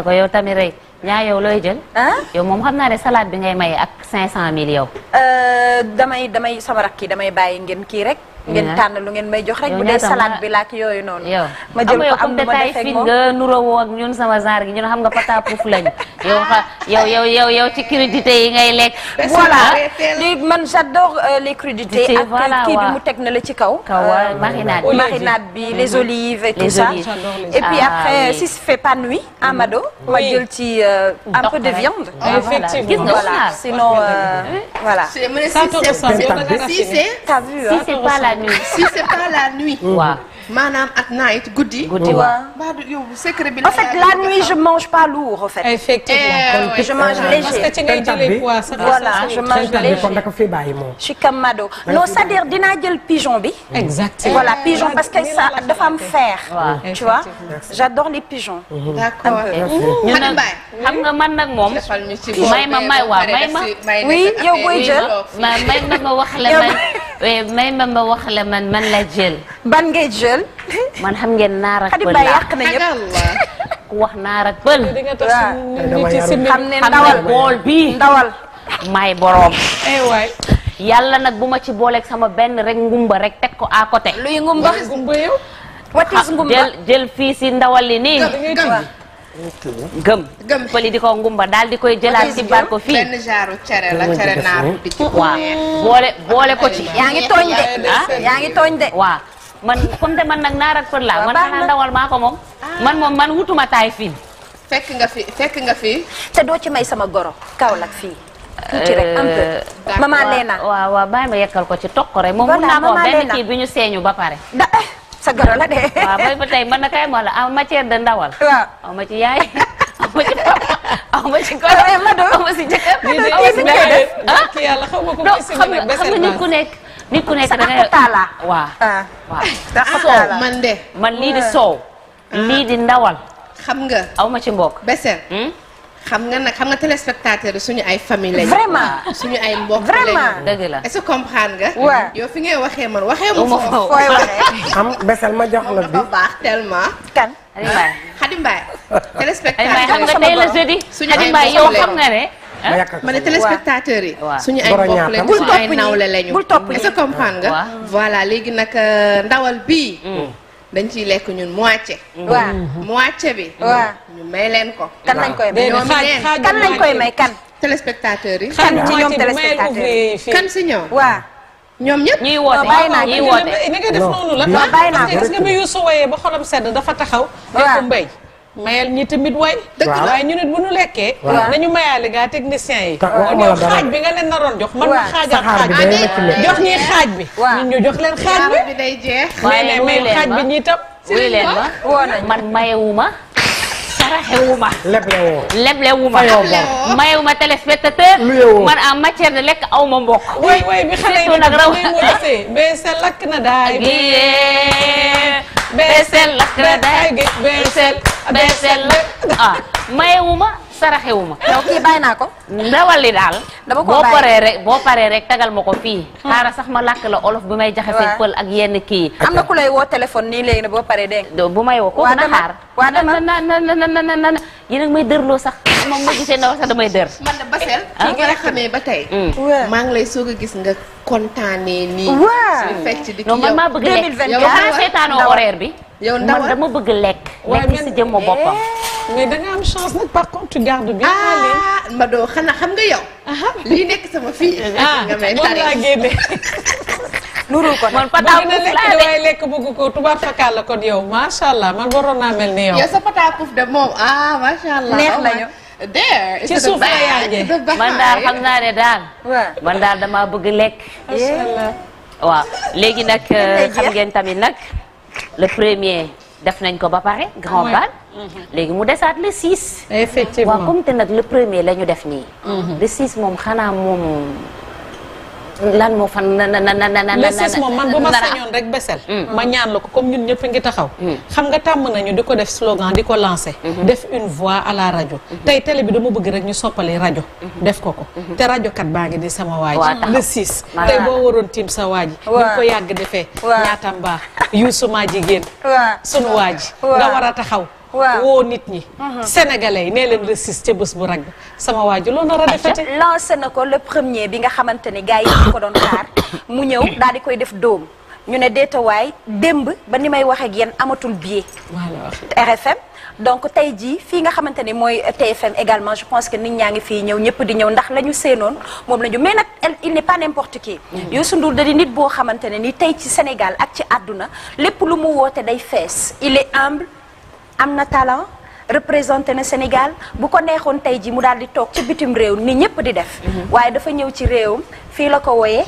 ko yow tamit rek ñaa yow looy jël. Ah? yow moom xam naa ne salade bi ngay may ak 500000 yow. Euh, damay damay sama rakk damay bàyyi ngeen kii rek. ngeen tànn lu ngeen may jox rek bu dee salade bi laak yooyu noonu yow ma jël ko am lu ma defee fit nga nuróowoo ak ñun sama genre gi ñun xam nga pata pouf lañu yo xa yow yow yow yow ci crudité yi ngay lekk voilà li man j'adore euh, les crudités ak kii bi mu teg na la ci kaw euh, marinade marinade bi mm-hmm. les olives et tout ça et puis ah, après si mm-hmm. ma jël ci euh, un peu de viande effectivement voilà sinon si c'est pas la la nuit. si c'est pas la nuit. waaw. maanaam at night guddi. guddi waaw waaw yow secret bi. en fait la nuit je mange pas lourd en fait. effectivement eh je mange léger. parce que ci ngay jëlee poids sax voilà je mange léger kon da ko fi bàyyi moom. je suis comme Mado non c'est-à-dire dinaa jël pigeon bi. exactement voilà pigeon parce que ça dafa am fer. waaw tu vois j'adore les pigeons. Mhm. d'accord ñu naan mmh. mmh. mmh. xam nga man nag moom. may ma may waaw may ma. oui yow booy jël. may ma ma wax la man may ma ma wax la man man la jël. ban ngay jël. pël. man xam ngeen naar ak pël laa yàq wax naar ak pël. xam ne ndawal bool bii may boroom. Eh, waay. nag bu ma ci booleeg sama benn rek ngumba rek teg ko à côté. luy ngumba ngumba jël jël fii si ndawal li ni gëm gëm pëli di ko ngumba daal di koy jëlaat ci baar ko fii benn boole boole ko ci yaa ngi tooñ de yaa man kon te man nag naar ak pël laa man xanaa ndawal maa ko moom ah. man moom man wutuma taay fii fekk nga fi fekk nga fi te doo ci may sama goro Kaolack fii tuuti rek am peu euh, maman Léna waaw waaw ma yekkal ko ci toq rek moom mun naa ko benn kii bi ñu seeñu ba pare eh, sa goro la de waaw bay ba tey man na kay moo la en matière de ndawal waaw ma ci yaay ma ci papa aw ma ci goro ma doon ma si jëkkër ma doon kii yàlla xaw ma ko ah, xam nga nit ku nekk nit ku nekk da ngay taala soow man de man lii di soow lii di ndawal xam nga aw ma ci mbokk beseel hmm? xam nga nag xam nga téléspectateur yi suñu ay famille lañu vraiment suñu ay mbokk lañu vraiment dëgg la est-ce nga yow fi ngay waxee man waxee mu foofu beseel ma jox la bi baax tellement kan Xadi Mbaay téléspectateur xam nga tey la jeudi yow xam nga ne ma eh? yàqal ma ne téléspectateur yi. suñu ay mbokk lañu suñu ay nawle lañu. bul topp est-ce que comprendre nga. voilà léegi nag euh, ndawal bii. Mm. dañ ciy lekk ñun moitié. Mm. waaw mm-hmm. moitié bi. waaw ñu may leen ko. kan lañ koy may kan lañ koy may kan. téléspectateur yi. kan ci ñoom téléspectateur yi kan si ñoom. waaw ñoom ñëpp. ñiy woote ñiy woote. ni nga def noonu la. bàyyi naa ko parce que bi Youssou woyee ba xolam sedd dafa taxaw. waaw mbay mayal ñi tamit way. dëgg la waaye ñu nit bu ñu lekkee. nañu mayaale gaa technicien yi. yow xaaj bi nga leen naroon jox. man na xaajal xaaj bi jox ñi xaaj bi. ñun ñu jox leen xaaj bi. day jeex. waaye xaaj bi ñii tam. wuyu leen ma man mayewuma dara xewuma. leblewoo leblewuma. leblewoo mayewuma téléspectateur. luyewoo man en matière de lekk aw ma mbokk. way way bi xale yi nag raw beesel lakk na daay. beesel lakk na daay beesel beesel lakk ah mayewuma. saraxewu ma. yow kii bàyyi naa ko. ndawal li daal. dama ko bàyyi boo paree rek boo paree rek tagal ma ko fii. xaaral sax ma làkk la olof bi may jaxasee pël ak yenn kii. am na ku lay woo téléphone nii léegi nag boo paree dégg nga. bu may woo kooku na xaar. waa dama na na na na na na yéen a may dërloo sax. moom ma gisee ndawal sax damay dër. man de Basel. ah kii nga xamee ba tey. maa ngi lay soog a gis nga. kontaanee nii. waaw suñu fekk bëgg lekk yow xanaa seetaanoo bi. yow man dama bëgg lekk. lekk si jëmm eh. boppam. mais da nga am chance nag par contre tu gardes bien. ah ma doo xanaa xam nga yow. lii nekk sama fii. ah, ah moom laa génne. nurul ko man pataaw puuf de lekk bëgg ko tubaab fakkaat la kon yow macha allah man waroon mel ni yow. yow sa pataaw puuf de moom ah macha allah. neex oh nañu there. ci suuf man daal xam naa ne daal. man daal damaa bëgg lekk. waaw léegi nag euh, xam ngeen tamit nag le premier def nañ ko ba pare grand bal. Mm-hmm. léegi mu desaat le 6. effectivement waaw te nag le premier la ñu def nii. Mm-hmm. le 6 moom xanaa moom. lan moo fan na na na na na na moom man bu ma sañoon rek besel mm. ma ñaan la ko comme ñun ñëpp ngi taxaw mm. xam nga tàmm nañu di ko def slogan di ko lancé mm-hmm. def une voix à la rajo mm-hmm. tey télé bi dama bëgg rek ñu soppali rajo mm-hmm. def ko ko te rajo kat baa ngi ni sama waaj le 6 tey boo waroon tiim sa waaj ñu ko yàgg defee ñaata mbaax yuusumaa jigéen sunu waaj nga war a taxaw waaw woo nit ñi. Mhm. sénégalais yi nee leen resis ca bés bu rag sama waa ji loo nar a defete lancé na ko le premier bi nga xamante ni gars yi ko doon xaar mu ñëw daal di koy def doom ñu ne deetawaay démb ba ni may wax ak yéen amatul billet. RFM. donc tey jii fii nga xamante ni mooy TFM également je pense que nit ñaa ngi fii ñëw ñëpp di ñëw ndax la ñu seenoon moom la ñu mais nag il n'est pas n'importe qui mhm. Youssou Ndour da nit boo xamante ne ni tey ci Sénégal ak ci àdduna lépp lu mu woote day fees il est humble am na talent représenté na Sénégal bu ko neexoon tey ji mu daal di toog ci bitim réew ni ñëpp di def. Mhm. waaye dafa ñëw ci réew fii la ko woyee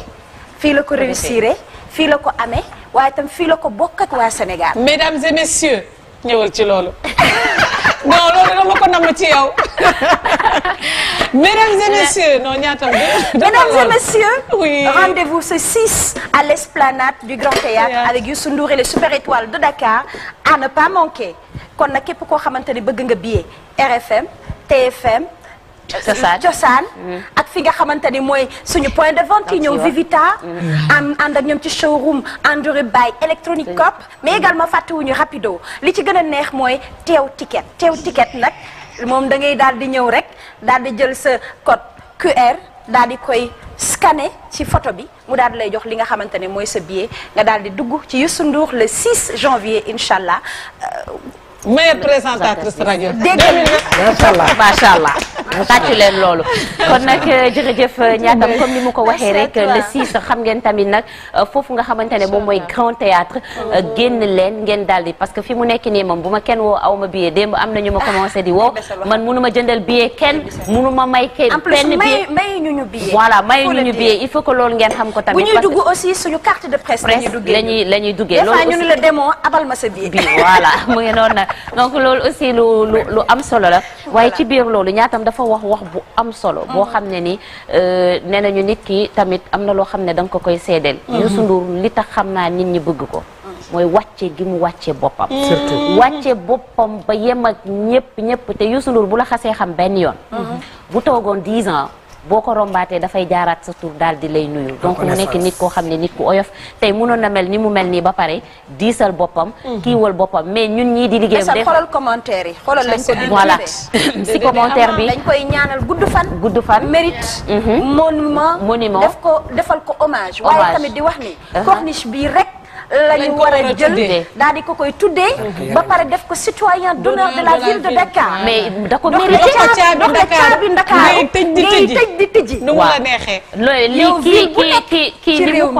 fii la ko réussiré fii la ko amee waaye itam fii la ko bokk ak waa Sénégal. mesdames et messieurs ñëwal ci loolu. non loolu dama ko namm ci yow. mesdames et messieurs non ñaatam bi. mesdames et messieurs. oui rendez-vous ce 6 à l'esplanade du Grand Théâtre avec Youssou Ndour les super étoiles de Dakar à ne pas manquer. kon nag képp koo xamante ni bëgg nga billet RFM TFM. Cosaan Cosaan mm-hmm. ak fi nga xamante ni mooy suñu point de vente yi ñëw Vivita. Mm-hmm. am ànd ak ñoom ci showroom Anduré Bay Electronic Cop. mais également fàttewuñu rapido li ci gën a neex mooy teew ticket teew ticket nag moom da ngay daal di ñëw rek daal di jël sa code QR daal di koy scanner ci photo bi mu daal di lay jox li nga xamante ne mooy sa billet nga daal di dugg ci Youssou Ndour le 6 janvier incha allah. Euh, meilleure présentatrice rajo. dégg macha allah macha allah. tàccu leen loolu. kon nag euh, jërëjëf ñaatam euh, comme ni mu ko waxee rek euh, le 6 xam ngeen tamit nag foofu nga xamante ne moom mooy grand théâtre oh. génn leen ngeen daal di parce que fi mu nekk nii moom bu ma kenn woo aw ma billet démb am na ñu ma ah, commencé di woo man munu ma jëndal billet kenn munu ma may kenn. benn billet ñu ñu billet. voilà may ñu ñu billet il faut que loolu ngeen xam ko tamit. bu ñuy dugg aussi suñu carte duggee la la ñuy duggee loolu ñu ne la demoo ma sa donc loolu aussi lu lu am solo la waaye ci biir loolu ñaatam dafa wax wax bu am solo boo xam ne ni euh, nee nañu nit ki tamit am na loo xam ne da nga ko koy seedeel mhm. Youssou Ndour li tax xam naa nit ñi bëgg ko mooy wàcce gi mu wàcce boppam mhm. surtout wàcce boppam ba yem ak ñëpp ñëpp te Youssou Ndour bu la xasee xam benn yoon mhm. bu toogoon 10 ans boo ko rombaatee dafay jaaraat sa tur daal di lay nuyu donc mu nekk nit koo xam ne nit ku oyof tey mënoon na mel ni mu mel nii ba pare diisal boppam mhm. kiiwal boppam mais ñun ñii di liggéeyam de xoolal commentaire yi xoolal lañ ko voilà si commentaire bi dañ koy ñaanal gudd fan gudd fan mérite mhm. monument monument def ko defal ko hommage waaye wax ni uh-huh. corniche bi rek la ñu war a jël daal di ko koy tuddee ba pare def ko citoyen d'honneur de la ville de Dakar. mais da ko mérité dox la caabi Dakar ngay tëj di tëji nu mu la neexee yow ville bu nekk ci réew mi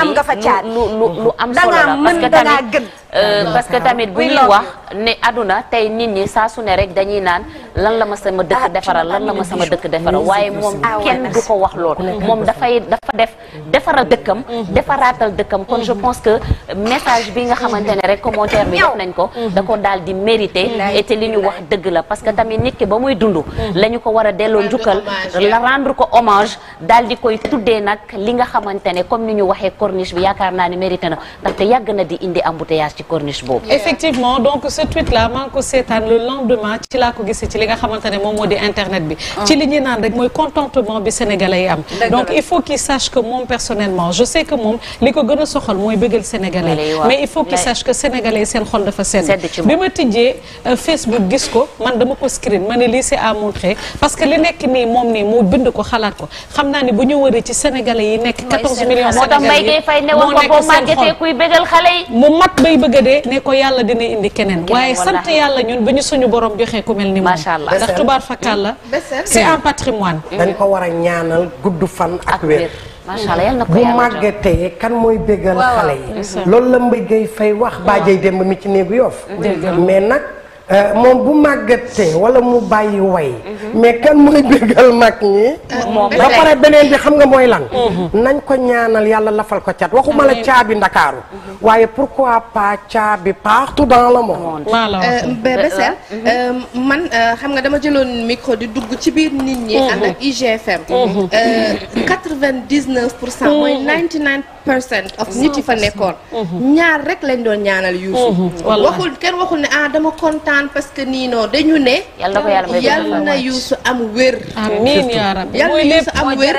am nga fa caabi lu am solo la parce que tamit Euh, parce que tamit bu ñuy wax ne aduna tey nit ñi saasu su ne rek dañuy naan lan la ma sama dëkk ah, defaral lan la ma sama dëkk defaral waaye moom ah, kenn du ko wax lool mm-hmm. moom dafay dafa def defaral dëkkam mm-hmm. defaraatal dëkkam kon je mm-hmm. pense que message bi nga xamante ne rek commentaire bi def nañ ko da ko daal di mérité et li ñu wax dëgg la parce que tamit nit ki ba muy dund lañu ko war a delloo njukkal la rendre ko hommage daal di koy tuddee nag li nga xamante ne comme ni ñu waxee corniche bi yaakaar naa ne mérité na ndaxte yàgg na di indi embouteillage ci corniche boobu. effectivement donc ce tweet là maa ko seetaan le lendemain ci laa ko gisee ci li nga xamante moom moo di internet bi. Ah. ci li ñuy naan rek mooy contentement bi sénégalais yi am. donc il faut qu'il sache que moom personnellement je sais que moom li ko gën a soxal mooy bëggal sénégalais. mais il faut qu'il sache ma tijjee euh, Facebook ko man dama ko screen ma ne lii c'est à montrer parce li nekk nii moom nii ko xalaat ko xam naa ni bu ñu wëree ci sénégalais yi nekk. 14 millions sénégalais yi moo nekk seen xol mu mat bay bëgg bëgg a dee ne ko yàlla dina indi keneen waaye sant yàlla ñun ba ñu suñu borom joxee ku mel ni moom ndax tubaar fakkaat la hmm. c'est un patrimoine hmm. dañ ko war a ñaanal gudd fan ak wér macha allah yal na ko bu kan mooy béggal xale yi loolu la mbëggey fay wax baa baajay démb mi ci néegu yoof mais nag Euh, moom bu màggatee wala mu bàyyi way mhm. mais kan mooy déggal mag ñi euh, ba pare beneen bi xam nga mooy lan mhm. nañ ko ñaanal yàlla lafal ko cat waxuma la caabi ndakaaru mhm. waaye pourquoi pas caabi partout dans le monde euh, Bessél man xam nga dama jëloon micro di dugg ci biir nit ñi ànd ak IGFM pour cent mooy ninety-nine percent of mm-hmm. nit yi fa nekkoon mm-hmm. ñaar rek lañ doon ñaanal Youssou mm-hmm. waxul kenn waxul ne ah dama kontaan parce que nii non dañu ne yal na Youssou am wér yal na Youssou am wér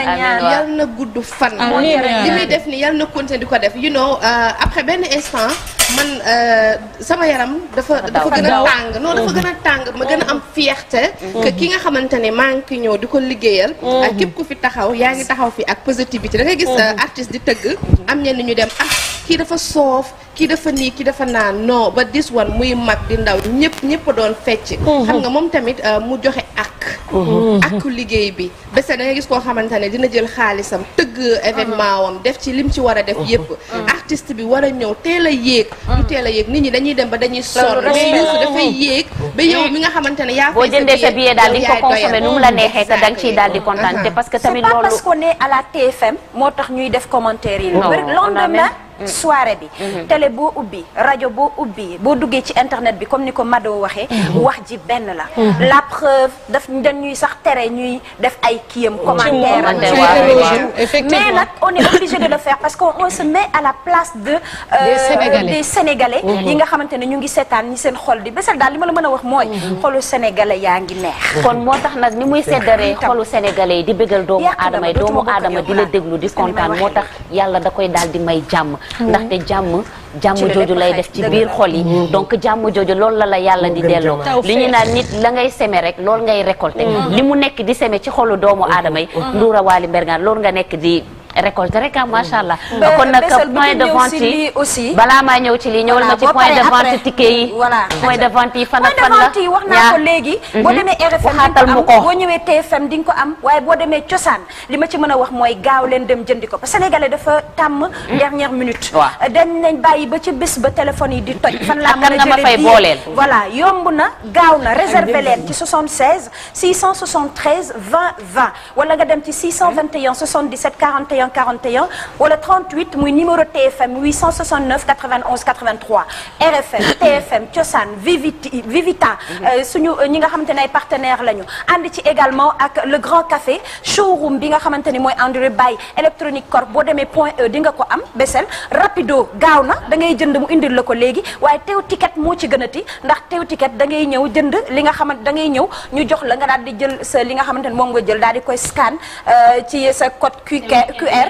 na gudd fan li muy def ni yal na continuer di ko def you know uh, après benn instant man uh, sama yaram dafa dafa gën a tàng non dafa gën a tàng ma gën a am fierté que ki nga xamante ne maa ngi ñëw di ko liggéeyal ak képp ku fi taxaw yaa ngi taxaw fi ak positivité da ngay gis uh, artiste di tëgg am ñenn ñu dem ah kii dafa soof kii dafa nii kii dafa naan non ba dis wan muy mag di ndaw ñëpp ñëpp doon fecc mhm. xam nga moom tamit euh, mu joxe ak mhm. mhm. ak liggéey bi bese da nga gis koo xamante ne dina jël xaalisam tëgg événement wam def ci lim ci war a def yëpp artiste bi war a ñëw teel a yéeg ñu teel a yéeg nit ñi dañuy dem ba dañuy sonn mais Youssou dafay yéeg ba yow mi nga xamante ne yaa boo jëndee sa billet daal di ko consommer nu mu la neexee sa da nga ciy daal di kontaan te parce que tamit loolu c'est pas parce moo tax ñuy def commentaire yi lendemain Mm. soirée bi mm-hmm. télé boo ubbi rajo boo ubbi boo duggee ci internet bi comme ni ko Mado waxee mm-hmm. wax ji benn la mm-hmm. la preuve daf dañuy sax tere ñuy def ay kiyam commentaire mais nag on est obligé de le faire parce que on se met à la place euh, nga xamante ne ñu ngi seetaan ñi seen xol di bésal daal li ma la mën a wax mooy xolu sénégalais yaa ngi neex kon moo tax nag ni muy seddaree xolu sénégalais yi di bégal doomu aadama yi doomu aadama di la déglu di kontaan moo tax yàlla da koy daal di may jàmm ndaxte jàmm jàmm jooju lay def ci biir xol yi donc jàmm jooju loolu la la yàlla di delloo li ñu naan nit la ngay seme rek loolu ngay récolter li mu nekk di seme ci xolu doomu aadama yi nduura waali mbergaan loolu nga nekk di récolte rek ah macha allah. kon nag point de vente yi aussi. balaa maa ñëw ci lii ñëwal ma ci point de vente ticket yi. point de vente fan la. point de ko léegi. Mhm. boo demee RFM di nga ko am waaye boo demee cosaan li ma ci mën a wax mooy gaaw leen dem jëndi ko parce que sénégalais dafa tàmm. Mhm. dernière minute. waaw euh, dañ nañ bàyyi ba ci bés ba téléphone yi di toj. fan laa mën a jëlee biir voilà yomb na gaaw na réserver leen ci 76 673 20 20 wala nga dem ci 621 77 41. 41 41 wala 38 muy numéro TFM 869 91 83 RFM TFM Cosaan Viviti Vivita mhm. euh, suñu euh, ñi nga xamante ne ay partenaires lañu and ci également ak le Grand Café showroom bi nga xamante ni mooy André Baye électronique corp boo demee point E di nga ko am besel rapido gaaw na da ngay jënd mu indil la ko léegi waaye teew ticket moo ci gënati ndax teew ticket da ngay ñëw jënd li nga xamante da ngay ñëw ñu jox la nga daal di jël li nga xamante ne moom nga jël daal di koy scan euh, ci sa code QR fr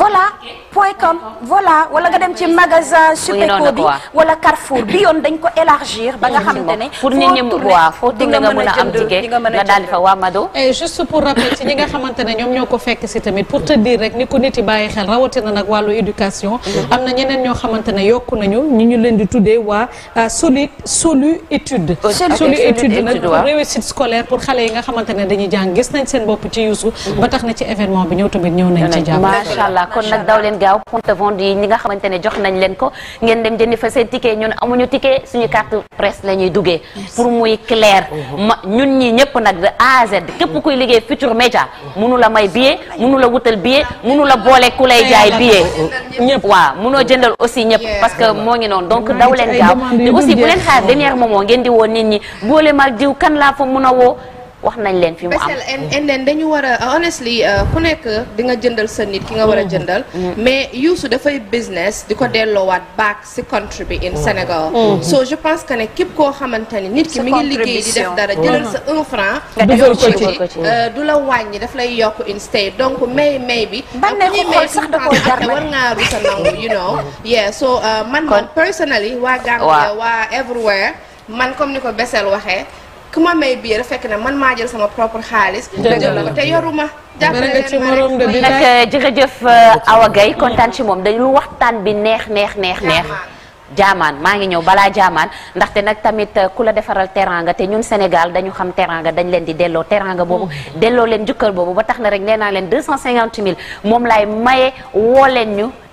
voilà point com voilà wala nga dem ci magasin Supeco bi wala Carrefour bi yoon dañ ko élargir ba nga xamante ne pour nit ñi waaw foo tourné nga mën a am nga daal di eh, juste pour rappeler ci ñi nga xamante ne ñoom ñoo ko fekk si tamit pour te dire rek ni ko nit yi bàyyi xel rawatina nag wàllu éducation am na ñeneen ñoo xamante ne yokku nañu ñi ñu leen di tuddee waa ah, solu solu étude solu étude nag réussite scolaire pour xale yi nga xamante ne dañuy jàng gis nañ seen bopp ci yuusu ba tax na ci événement allah kon nag daw leen gaaw point de vente yi ñi nga xamante jox nañ leen ko ngeen dem jëndi fa seen ticket ñun amuñu ticket suñu carte presse la duggee pour muy clair ma ñun ñi ñëpp nag de A à Z képp kuy liggéey Futurs Médias mënu la may billet mënu la wutal billet mënu la boole ku lay jaay billet ñëpp waaw mënoo jëndal aussi ñëpp parce que moo ngi noonu donc daw leen gaaw te aussi bu leen xaar dernier moment ngeen di woo nit ñi boole ma diw kan laa a wax nañ leen fi mu am dañu war a honestly euh, ku nekk di nga jëndal sa nit ki nga war a mm-hmm. jëndal mm-hmm. mais Youssou dafay business di ko delloowaat back si country bi in mm-hmm. Sénégal so je pense que ne képp koo xamante ni nit ki mi ngi liggéey di def dara jëlal sa un franc ko ci euh, du la wàññi daf lay yokk instead donc may may bi ban ne xool sax da koo jar war ngaa rusa nangu you yeah so euh, man man personally waa Gambia waa everywhere man comme ni ko Bessel waxee ku ma may biir fekk na man maa jël sama propre xaalis. jël te yoruma. jàppale leen euh, jërëjëf Awa Gaye kontaan ci moom dañu waxtaan bi neex neex neex neex. jaamaan maa ngi ñëw balaa jaamaan ndaxte nag tamit euh, ku la defaral teranga te ñun Sénégal dañu xam teranga dañ leen di delloo teranga boobu delloo leen jukkal boobu ba tax na rek nee naa leen 250 000 moom laay maye woo leen ñu.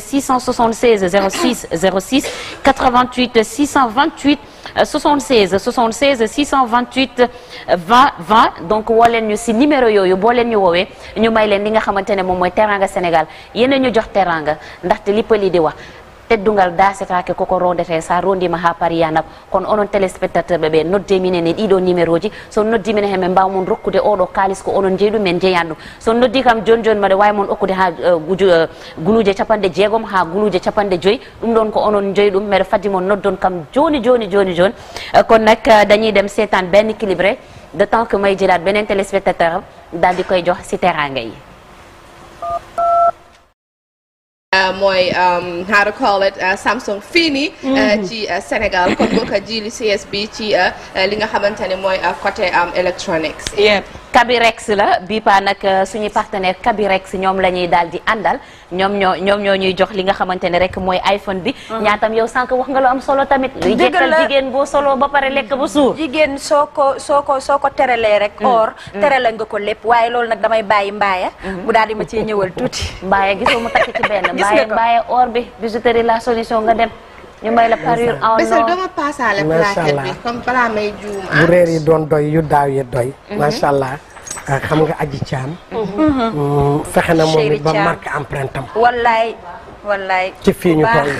676 06 06 88 628 76 76 628 20 20 donc woo leen ñu si numéro yooyu boo leen ñu woowee ñu may leen li nga xamante ne moom mooy teranga Sénégal yéen ñu jox teranga ndaxte li pëli di wax teddungal dasetake koko rondete sa rondima ha pariyanab kono onon téléspectateur ɓe ɓe noddeminen e, e ɗiɗo numéro ji so noddimin hen ɓe mbawa mon rokkude oɗo kalis ko onon jeeyi ɗum men jeeyan ɗum so noddi kam joni joni maɗa wawi mon okkude ha eh, eh, guluje capanɗe jeegom ha guluje capanɗe joyyi ɗum ɗon ko onon joyi ɗum mbeɗa faddi mon noddon kam joni joni joni joni eh, kono nak dañi ɗem setan benn équilibré de temps que may jëlaat beneen téléspectateur am daal di koy jox si yi Uh, mooy um, how to call it uh, Samsung fii nii uh, mhm. ci Sénégal kon boo ko jiili CSB ci li nga xamante ne mooy côté electronics um, Kabirex la bi pa nag suñu partenaire Kabirex ñoom la ñuy daal di àndal ñoom ñoo ñoom ñoo ñuy jox li nga xamante ne rek mooy iPhone bi uh-huh. ñaatam yow sànq wax nga lu am solo tamit luy jekkal jigéen boo solo ba pare lekk ba suur jigéen soo ko soo ko soo ko terelee rek mm. or mm. terele nga ko lépp waaye loolu nag damay bàyyi mbaaya mu mm-hmm. daal di ma ciy ñëwal tuuti mbaaya gisoo mu takk ci benn mbaaya mbaaya or bi bijouterie la solution nga dem ñu may la parure en or bésal dama paasaale plaquette bi comme balaa may juum ah. bu réer yi doon doy yu daaw yi doy mm-hmm. macha allah Euh, xam nga aji caam. Mhm. Mm, fexe na moom it ba marqué empreinte am. ci fii ñu toll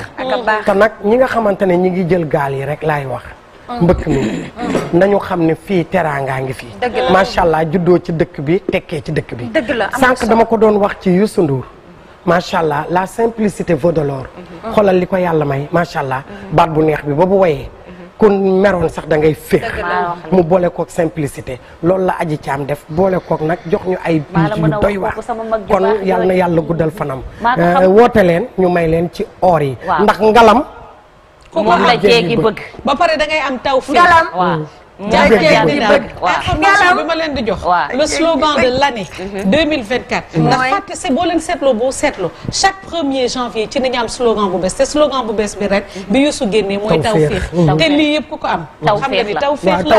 te nag ñi nga xamante ne ñi ngi jël gaal yi rek laay wax. Mhm. mbëkk mi mhm. nañu xam ne fii teraangaa ngi fii. macha allah juddoo ci dëkk bi tekkee ci dëkk bi. dëgg sànq dama ko doon wax ci Youssou Ndour. macha allah la simplicité vaut de l'or. xoolal li ko yàlla may macha allah. baat bu neex bi ba bu woyee ku meroon sax dangay ngay féex mu boole kook simplicité loolu la aji caam def boole kook nag jox ñu ay piis yu doy waar kon yàlla na yàlla guddal fanam eh, woote leen ñu may leen ci oor yi ndax ngalam ku ko la jéegi bëgg ba pare da am taw ngalam hmm. jaajëf di bëgg information bi ma leen di jox. le slogan de l' année. 2024. ndax fàtte c' est boo leen seetloo boo seetloo chaque premier janvier ci nañu am slogan bu bees te slogan bu bees bi rek mm-hmm. bi Youssou génnee mooy taw féex. te lii yëpp ku ko am. taw féex la taw féex la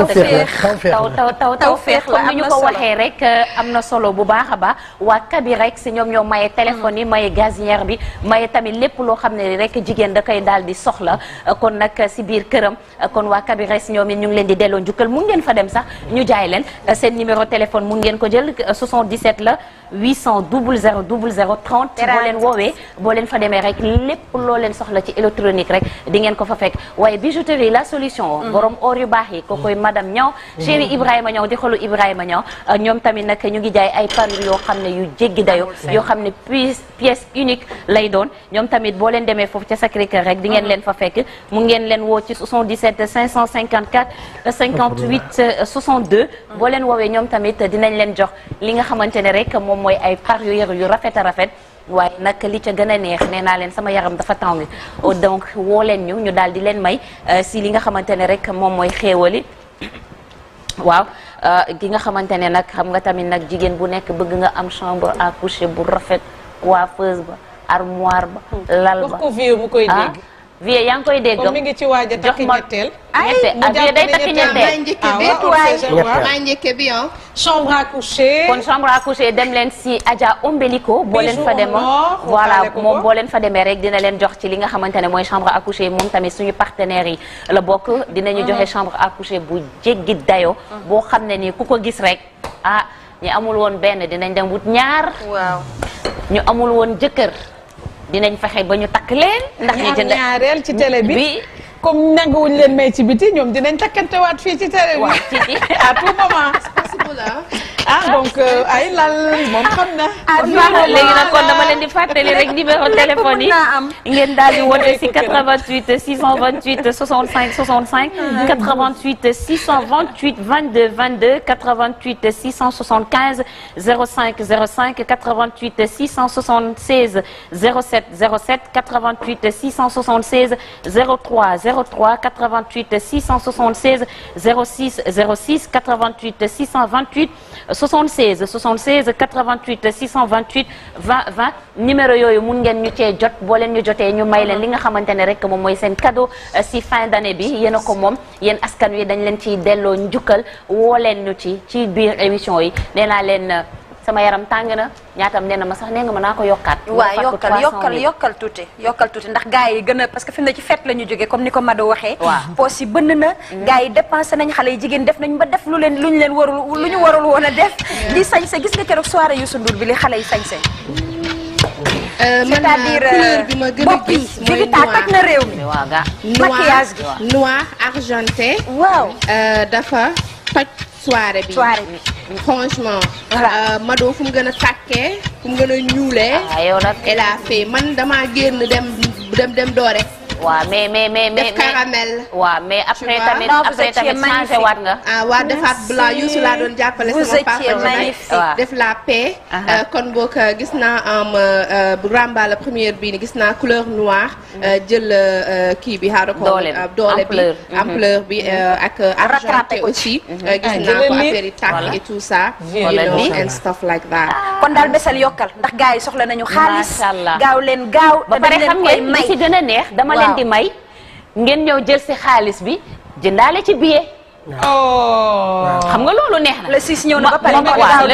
taw taw taw taw féex la am na solo comme ni ñu ko waxee rek euh, am na solo bu baax a baax waa Kabi rek si ñoom ñoo maye téléphone yi maye gazinière bi maye tamit lépp loo xam ne rek jigéen da koy daal di soxla kon nag euh, si biir këram euh, kon waa Kabi rek si ñoom ñu ngi leen di delloo njukkal mun ngeen fa dem sax ñu jaay leen seen numéro téléphone mun ngeen ko jël 77 la 800 00 00 30 boo leen woowee boo leen fa demee rek lépp loo leen soxla ci électronique rek di ko fa fekk waaye bijouterie la solution mhm. borom or yu baax yi kookoy mhm. madame Niaw mhm. chéri Ibrahima Niaw di xolu Ibrahima Niaw euh, ñoom tamit nag ñu ngi jaay ay parure yoo xam ne yu jéggi dayo yoo xam ne pièce pièce unique lay doon ñoom tamit boo leen demee foofu ca Sacré-Cœur rek di ngeen leen fa fekk mu ngeen leen woo ci 77 554 58 62 boo leen woowee ñoom tamit dinañ leen jox li nga xamante ne rek moom mooy ay parure yu rafet a rafet waaye nag li ca gën a neex nee naa leen sama yaram dafa tàng oh, donc woo leen ñu ñu daal di leen may euh, si li nga xamante ne rek moom mooy xéewali waaw ki euh, nga xamante ne nag xam nga tamit nag jigéen bu nekk bëgg nga am chambre à bu rafet coiffeuse ba armoire ba hmm. lal ba vie yaa ngi koy dégg mi ngi ci waaj a takk ñetteel mu jàpp ah, day takk ñetteel maa njëkke ah, bi yow ah. chambre à coucher chambre à dem leen si Adja ombeliko boo leen fa demoon voilà moom boo leen fa demee rek dina leen jox ci li nga xamante ne mooy chambre à coucher moom tamit suñu partenaires yi la bokk dinañu mhm. joxe chambre à coucher bu jéggi dayo mhm. boo xam ne nii ku ko gis rek ah ñu amul woon benn dinañ dem wut ñaar ñu amul woon jëkkër dinañ fexe ba ñu takk leen. ndax ñu jënd ñaareel ci télé bi comme nanguwuñ leen may ci biti ñoom dinañ takkantewaat fii ci télé bi ah, euh, moom xam na. ah léegi nag kon dama leen di fàttali rek numéro ngeen daal di woote si 88 628 65 65. 88 628 22 22 88 675 05 05 88 676 07 07 88 676 03 03 88 676 06 06 88 628 76 76 88 628 20 20 numéro yooyu mun ngeen ñu cee jot boo leen ñu jotee ñu may leen li nga xamante ne rek moom mooy seen cadeau euh, si fin d'année bi yéen a ko moom yéen askan wi dañ leen ciy delloo njukkal woo leen ñu ci ci biir émission yi nee naa leen. Euh, sama yaram tàng na ñaatam nee na ma sax nee nga ma naa ko yokkaat. waaw yokkal yokkal yokkal tuuti yokkal tuuti ndax gars yi gën a parce que fi mu ne ci fête la ñu jógee comme ni ko Mado waxee. waaw yi bënn na. Mm. gars yi dépensé nañ xale yi jigéen def nañ ba def lu leen lu ñu leen warul lu ñu warul woon a def. Mm. li sañse gis nga keroog soirée Youssou Ndour bi li xale yi sañse euh, c'est-à-dire euh, euh, couleur bi ma gën noir argenté. waaw dafa. toj soirée bi soirée bi franchement. Euh, Mado fum mu gën a sàkkee fu mu gën a ñuulee. Ah, elle a fait man dama génn dem dem dem doore. waaw mais mais mais mais def caramel. waaw mais après tamit après tamit changé waat nga. ah defaat blanc Youssou laa doon jàppale sama papa waaw def la paix. Euh, kon boog euh, gis naa am euh, Ramba la première bii ni gis naa couleur noire. Mhm. jël kii bi xaaral ko. doole bi ampleur mhm. bi mhm. ak argenté aussi. gis ah, naa ko affaire yi tàkk et ah. kon daal besal yokkal ndax gars soxla nañu xaalis. gaaw leen gaaw. ba pare xam ngeen li ci gën a neex leen di may ngeen ñëw jël si xaalis bi jëndaale ci billet. Oh. xam nga loolu neex na. le ñëw na ba pare waaw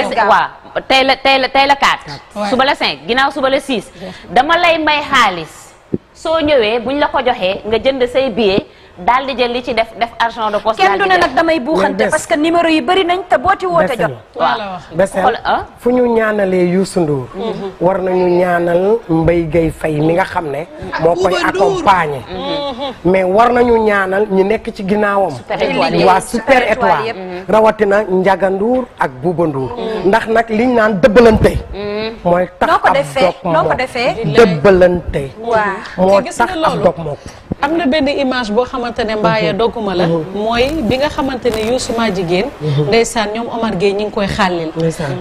tey la tey la tey la 4. suba la 5 ginnaaw suba la 6. dama lay may xaalis soo ñëwee buñ la ko joxee nga jënd say billet. daal di jël li ci def def argent de poste. daal di jël kenn du nag damay buuxante parce que numéro yi bëri nañ te booti woote jot. waaw ah. fu ñu ñaanalee Youssou Ndour. Mhm. war nañu ñaanal Mbaye gay Faye mi nga xam ne. moo koy accompagner. Mhm. mais war nañu ñaanal ñu nekk ci ginnaawam. Mhm. rawatina Ndiaga Ndour ak Bouba Ndour. ndax nag liñ naan dëbbalante. mooy tax ab dog mook dëbbalante. moo tax ab dog mook. am na benn image boo xamante ne mbaaya mhm. dogguma la mhm. mooy bi nga xamante ne ma jigéen mhm. ndeysaan ñoom Omar Gueye ñi ngi koy xàllil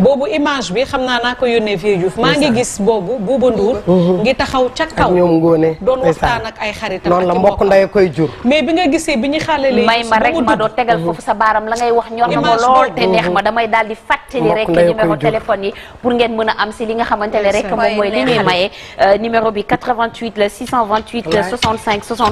boobu image bi xam naa naa ko yónnee fii Diouf gis boobu Buuba Nduur ngi taxaw ca kaw doon waxtaan ak ay xaritam noonu la mbokk ndey koy jur mais bi nga gisee bi ñu xàllalee may ma rek ma doo tegal foofu sa baaram la ngay wax ñor na ma lool te neex ma damay daal di fàttali rek numéro téléphone yi pour ngeen mën a am si li nga xamante ne rek moom mooy li ñuy maye euh, numéro bi 88 la 628 65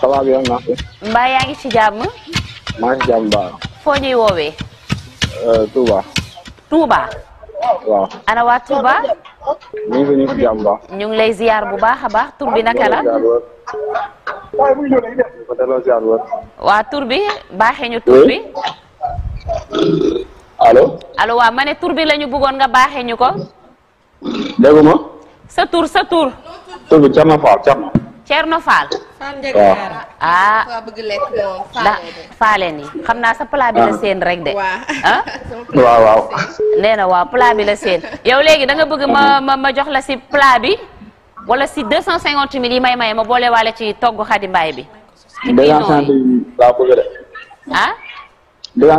ça va bien merci. mbaa yaa ngi ci jàmm. maa ngi ci jàmm baax. foo ñuy woowee. Euh, tuuba tuuba waaw. ana waa Touba. ñu ngi lay ziar bu baax a baax tur bi naka la. waa tur bi baaxee ñu tur bi. allo. allo waaw ma ne tur bi la bëggoon nga baaxee ñu ko. déggu sa tur sa tur. tur bi Thierno Fall Thierno. Thierno Fall. waaw ah. da faale ni xam naa sa plat bi la ah. seen rek de. Ah? waaw waaw. nee na waaw plat bi la seen yow léegi da nga bëgg ma ma jox la si plat bi wala si 250 mille yi may maye ma boole waale ci togg xadi mbaay bi. ci biir noonu 250 mille laa ah?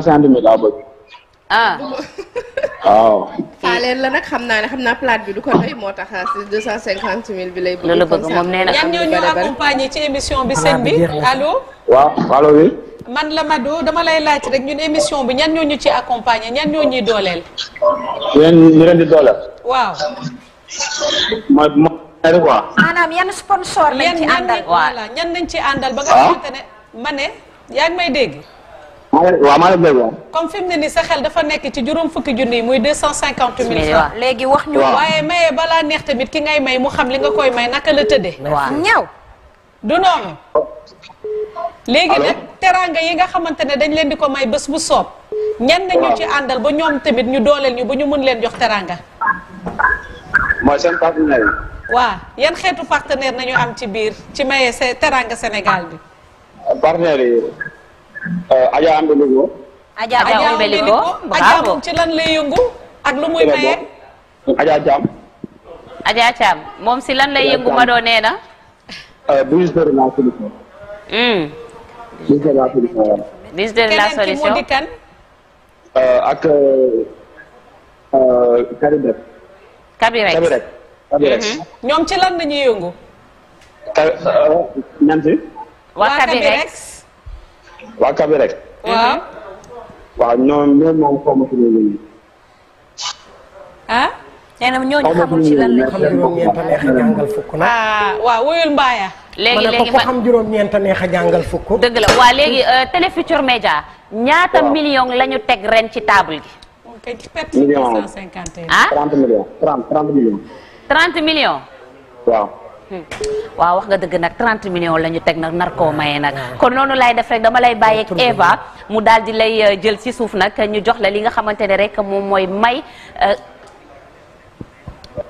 laa bëgg. ah waaw. faa la nag xam naa ne xam naa plate bi du ko doy moo tax ah, si 250000 bi lay. bëgg loolu bëgg moom nee na am ñoo ñu accompagner ci émission bi sëñ bi allo. waaw allo oui. man la Mado dama lay laaj rek ñun émission bi ñan ñooñu ci accompagner ñan ñoo ñuy dooleel. ñeneen ñi leen di dooleel. waaw. ma ma. maanaam yan sponsor lañ ci ñan nañ ci àndal ba nga ah? xamante ma ne yaa ngi may dégg. waaw maa ngi lay comme fi mu ne ni sa xel dafa nekk ci juróom fukki junni yi muy deux cent cinquante mille francs léegi wax ñu. waaye maye balaa neex tamit ki ngay may mu xam li nga koy may naka la tëddee. waaw ñaaw. du noonu. léegi nag teraanga yi nga xamante ne dañ leen di ko may bés bu soob. ñan nañu ci àndal ba ñoom tamit ñu dooleel ñu ba ñu mën leen jox teraanga. mooy seen partenaire yan xeetu partenaire nañu am ci biir ci maye teraanga Sénégal bi. partenaire yi. Euh, Adja Anta Beliko. Adja Anta Beliko Adja moom ci lan lay yëngu ak lu muy maye. Adja Thiam. Adja Thiam moom si lan lay yëngu ma doo nee na. Euh, ministère de la solution. Hmm. ministère de la solution. ministère de la solution keneen ki mu di kan. Euh, ak Kabirek. Kabirek Kabirek. Kabirek. Hmm. ñoom ci lan la ñuy yëngu. Ka ñan si. waa Kabirek. waa kabi rek. waaw. waaw ñoom ñoom moom xaw ma fi ñu ne ah. nee na ñooñu xamul ci lan lañ. xamul juróom a neex a juróom-ñeent a neex a jàngal fukk. dëgg waa léegi euh, Télé Futurs Médias. ñaata million lañu teg ren ci taabul gi. million 30 ah? millions 30 30 millions. 30 waaw wax nga dëgg nag 30 millions la ñu teg nag nar koo maye nag kon noonu lay def rek dama lay bàyyeek Eva mu daal di lay euh, jël ci suuf nag ñu jox la li nga xamante ne rek moom mooy may euh,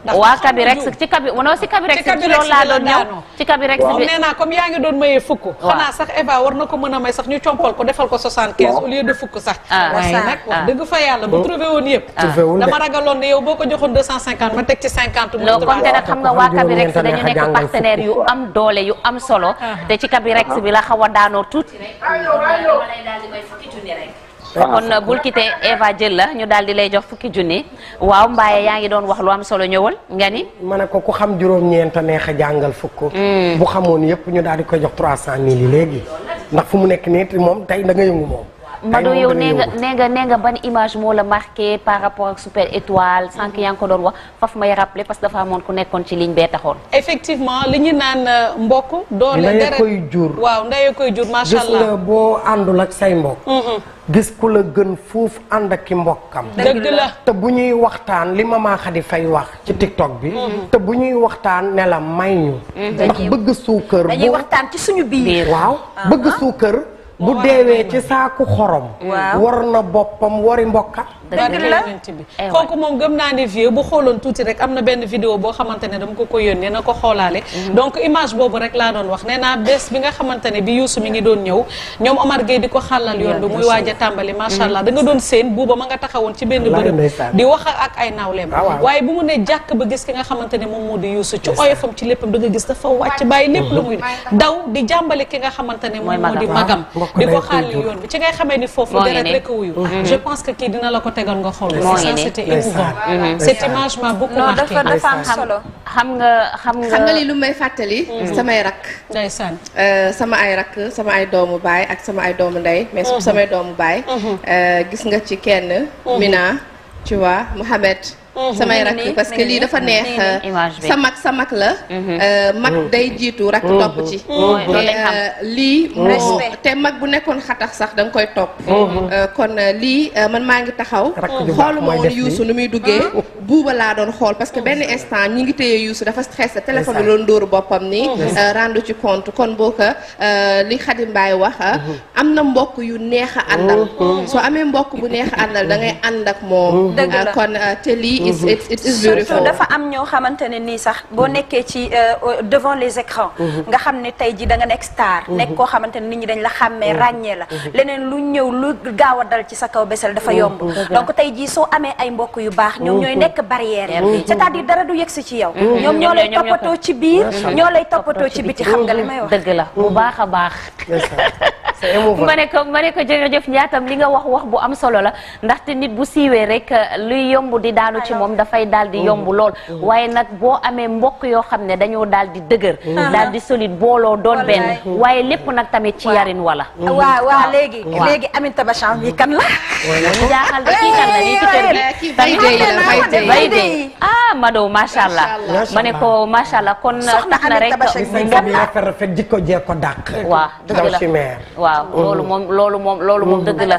waa Kabirex ci kabi non si Kabirex ci bi nee comme yaa ngi doon mayee fukk xanaa sax Eva war na ko mën a may sax ñu compal ko defal ko 75 au lieu de fukk sax ah. waaye nag wax ah. dëgg fa yàlla bu trouvé woon yëpp ah. dama ragaloon ne yow boo ko joxoon 250 ma teg ci 50 loolu compte nag xam nga waa am doole yu am solo te ci Kabirex bi la xaw a daanoo tuuti Ah, kon bul quitté Eva jël la ñu daal di lay jox fukki junni waaw mbaaye yaa ngi doon wax lu am solo ñëwal nga ni ma ne ko ku xam juróom-ñeent neex a jàngal fukk hmm. bu xamoon yëpp ñu daal di koy jox trois cent mille yi léegi ndax fu mu nekk nii moom tey da nga yëngu moom Madou yow nee nga nee nga nee nga ban image moo la marqué par rapport ak Super Étoile sànq yaa ngi ko doon wax faf may rappelé parce que dafa amoon ku nekkoon ci ligne bee taxoon. effectivement li ñu naan euh, mbokk. doole dara ndeye koy jur waaw ndeye koy jur macha gis la boo àndul ak say mbokk. gis ku la gën foofu ànd ak i mbokkam. dëgg la te bu ñuy waxtaan li Mama Khady fay wax ci TikTok bi. te bu ñuy waxtaan ne la may ñu. ndax bëgg suukër. dañuy waxtaan ci suñu biir waaw ah. bëgg suukër. bu deewee ci saaku xorom. war na boppam wari mbokka dëgg la eh kooku moom gëm naa ne vieux bu xooloon tuuti rek am na benn vidéo boo xamante ne dama ko ko yónnee na ko xoolaale. Mhm. donc image boobu rek laa doon wax nee naa bés bi nga xamante ne bi Youssou mi ngi doon ñëw ñoom Omar Gueye di ko xàllal yoon bi muy waaj tàmbali macha allah mhm. da doon seen buuba ma nga taxawoon ci benn bërëb di wax ak ay nawleem ah, waaye bu mu ne jàkk ba gis ki nga xamante ne moom moo di Youssou ci oyofam ci léppam da nga gis dafa wàcc bàyyi mhm. di jàmbale ki nga xamante ne moom moo di magam ah, di ko xàll yoon bi ci ngay xamee ni foofu deret rek wuyu mhm. je pense que kii dina la ko tegal nga xool ça c'était émouvant mhm. cette image m'a beaucoup dafa dafa solo xam nga xam nga xam li lu may fàttali mhm. samay rakk ndeysaan euh, sama ay rakk sama ay doomu baay ak sama ay doomu ndey mais samay doomu baay euh, gis nga ci kenn Mina tu vois Mohamed samay rakk parce que lii dafa neex sa mag sa mag la mhm. euh, mag day jiitu rakk topp ci euh, lii moo te mag bu nekkoon xatax sax danga koy topp euh, kon lii man maa ngi taxaw xooluma woon yuusu nu muy duggee buuba laa doon xool parce que benn instant ñi ngi téye yuusu dafa stressé sa bi loolu dóoru boppam ni rendu ci compte kon boo ko li Xadim Mbaay wax am na mbokk yu neex a àndal soo amee mbokk bu neex a àndal da ànd ak moom kon te lii is dafa am ñoo xamante ne nii sax boo nekkee ci euh, devant les écrans nga xam ne tey ji da nga nekk star nekk koo xamante ne nit ñi dañ la xàmmee ràññee la leneen lu ñëw lu gaaw a dal ci sa kaw besel dafa yomb donc tey ji soo amee ay mbokk yu baax ñoom ñooy nekk barrière c'est-à-dire dara du yegsi ci yow ñoom ñoo lay toppatoo ci biir ñoo lay toppatoo ci biti xam nga li may wax dëgg la bu baax a baax ma ne ko ma ne ko jërëjëf njaatam li nga wax wax bu am solo la ndaxte nit bu siiwee rek euh, luy yomb di daanu ci moom dafay daal di yomb lool mm-hmm. Mm-hmm. waaye nag boo amee mbokk yoo xam ne dañoo daal di dëgër mm-hmm. daal di solide booloo doon benn waaye lépp nag tamit ci yarin wala waaw léegi léegi Aminata Bacham kan la jaaxal de eh, ma ne ko macha allah kon tax na rek mbokk bi rafet jikko ko dàq waaw dëgg la waaw loolu moom loolu moom loolu moom dëgg la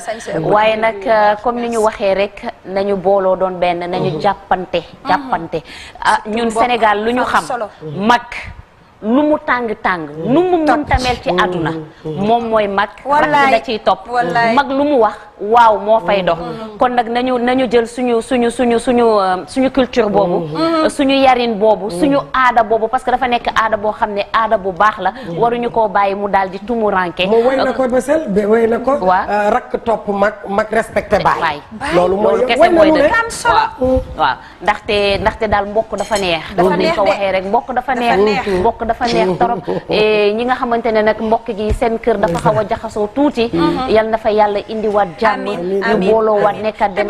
waaye nag euh, comme ni ñu waxee rek nañu booloo doon benn nañu mhm. jàppante jàppante mhm. ah ñun Sénégal lu ñu xam mag lu mu tàng tàng. nu mu mënta mel ci àdduna. Mm, mm. moom mooy mag. wallaay la ciy topp mag lu mu wax waaw moo fay mm, dox. kon nag nañu nañu jël suñu suñu suñu suñu euh, suñu culture boobu. suñu yarin boobu. suñu aada boobu parce que dafa nekk aada boo xam ne aada bu baax la. waruñu koo bàyyi mu daal di tumuranke. moom way na ko euh, Bessél be way na euh, rakk topp mag mag respecté baay. loolu mooy waaw ndaxte ndaxte daal mbokk dafa neex. dafa neex de dafa neex torop eh, ñi nga xamante ne nag mbokk gi seen kër dafa xaw a jaxasoo tuuti mm-hmm. Mm-hmm. yal na fa yàlla indiwaat jàmm ñu booloo waat nekkaat dem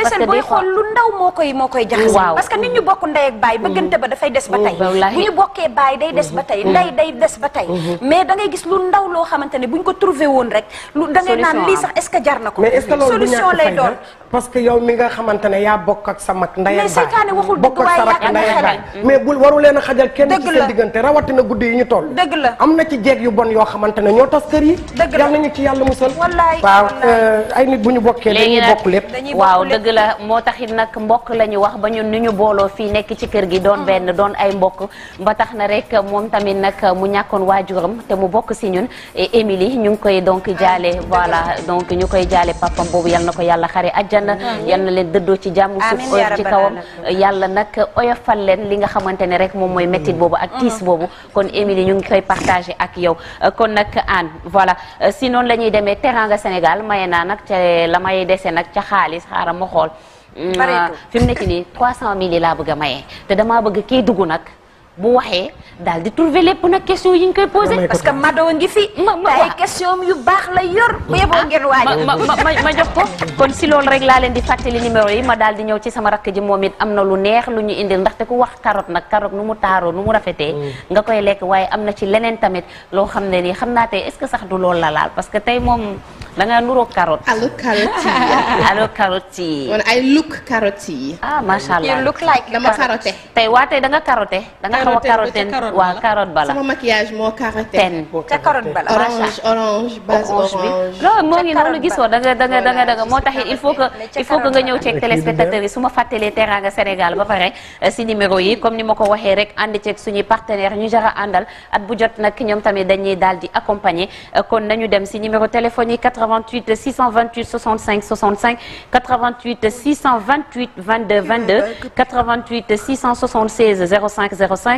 koy moo koy jaxase waaw parce que nit ñu bokk ndey ak mm-hmm. ba dafay des ba oh, tey bu ñu bokkee baay day ba tey da ngay gis lu ndaw loo ne bu ñu ko trouvé woon rek lu da ngay jar na ko solution lay doon parce que yow mi nga xamante ne yaa bokk ak sa sa rak ndey ak baay mais bul waru a xajal kenn diggante rawatina guddi yi ñu dëgg la am na ci jeeg yu bon yoo xamante ne ñoo tas kër yi dëgg la yal nañu wallaay waaw euh, ay nit bu ñu bokkee dañuy bokk lépp waaw dëgg la moo taxit nag mbokk la ñu wax ba ñun ni ñu booloo fii nekk ci kër gi doon mm. benn doon ay mbokk ba tax na rek moom tamit nag mu ñàkkoon waajuram te mu bokk si ñun Émilie ñu ngi koy donc ah, jaale voilà donc ñu koy jaale papam boobu yal na ko yàlla xare ajjana mm. yal na leen dëddoo ci jàmm suuf oyof ci kawam yàlla nag oyofal leen li nga xamante ne rek moom mooy méttit boobu ak mm. tiis boobu Émilie ñu ngi koy partagé ak yow euh, kon nag Anne voilà euh, si noon la ñuy demee teranga Sénégal maye naa nag ca la may dese nag ca xaalis xaaral ma xool. Mm, ah, fi nekk nii 300000 yi laa bëgg a maye te damaa bëgg kii dugg nag. bu waxee daal di trouver lépp nag question yi ñu koy posé. parce que Mado ngi fi. ma ma ay question yu baax la yor. bu yeboo ngeen waaj ma ma ma jox ko. kon si loolu rek laa leen di fàttali numéro yi ma daal di ñëw ci sama rakk ji moom it am na lu neex lu ñu indil ndaxte ku wax carotte nag carotte nu mu taaroo nu mu rafetee. Mm. nga koy lekk waaye am na ci leneen tamit loo xam ne nii xam naa tey est-ce que sax du loolu la laal parce que tey moom da nga nuroog carotte. allo carotte yi allo carotte yi. ay look carotte yi. ah macha allah you look like. dama carotte tey waa tey da nga carotte da nga xaw a carotène waaw carotte bala sama maquillage moo carotène ca carotte bala orange orange base orange loolu moo ngi noonu gisoo da nga da moo tax il faut que nga ñëw ceeg téléspectateurs yi su ma fàttalee Teranga Sénégal ba pare eh, si numéro yi comme ni ma ko waxee rek ànd ceeg suñuy partenaire ñu jara àndal at bu jot nag ñoom tamit dañuy daal di accompagner eh, kon nañu dem si numéro téléphone yi 88 628 65 65 88 628 22 22 88 676 05 05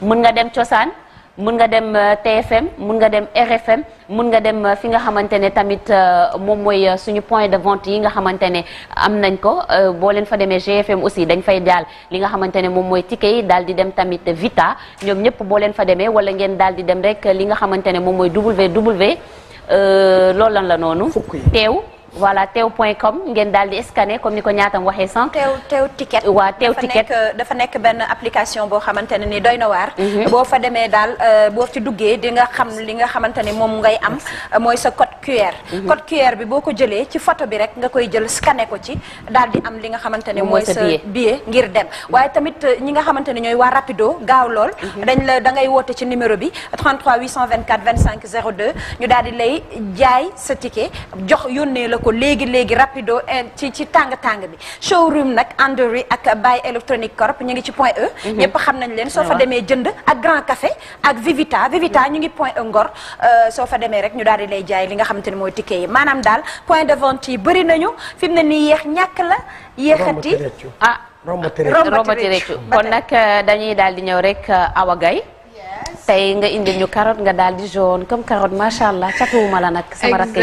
mën nga dem cosaan mun nga dem euh, TFM mun nga dem RFM mun nga dem euh, fi nga xamante ne tamit euh, moom mooy suñu point de vente yi nga xamante ne am nañ ko boo leen fa demee GFM aussi dañ fay daal li nga xamante ne moom mooy ticket yi daal di dem tamit Vita ñoom ñëpp boo leen fa demee wala ngeen daal di dem rek li nga xamante ne moom mooy ww loolu lan la noonu teew voilà teew point comme ngeen daal di scanner comme ni ko ñaatam waxee sànq. teew teew ticket. waaw teew ticket dafa nekk dafa nekk benn application boo xamante ne ni doy na waar. Mhm. boo fa demee daal euh, boo ci duggee di nga xam li nga xamante ne moom ngay am mooy sa code QR. Mhm. code QR bi boo ko jëlee ci photo bi rek nga koy jël scanner ko ci daal di am li nga xamante ne mooy sa billet ngir dem waaye tamit euh, ñi nga xamante ne ñooy waar rapido gaaw lool. Mhm. dañ la da ngay woote ci numéro bi 33 824 25 02 ñu daal di lay jaay sa ticket jox yónnee la. la ko léegi léegi rapido eh, ci ci tàng tàng bi showroom nag Andori ak Bay Electronic Corp ñu ngi ci point E. Mhm. ñëpp xam nañ leen soo fa demee jënd ak Grand Café ak Vivita Vivita mhm. ñu ngi point E Ngor euh, soo fa demee rek ñu daal di lay jaay li nga xamante ni mooy ticket yi maanaam daal point de vente yi bëri nañu fi mu ne nii yéex ñàkk la yéexati ah, ah. romb tiré romb tiré kon nag euh, dañuy daal di ñëw rek euh, Awa Gaye tey nga indil ñu carotte nga daal di jaune comme carotte macha allah catuwuma la nag. sama rakk ji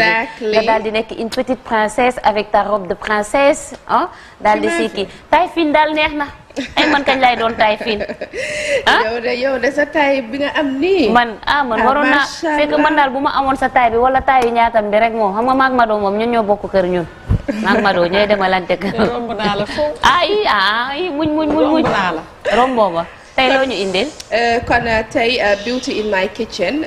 nga daal di nekk une petite princesse avec ta robe de princesse ah. daal di sii kii taay fiin daal neex na. ay man kañ lay doon taay fiin ah yow de yow de sa bi nga man ah man ah, waroon naa fekk man daal bu ma amoon sa taay bi wala taayu ñaatam bi rek moom xam nga maag ma doon moom ñun ñoo bokk kër ñun. maag ma doon ñooy demalante kër. ah i ah i muñ muñ muñ muñ. tey loo ñu indil. Euh, kon euh, tey euh, beauty in my kitchen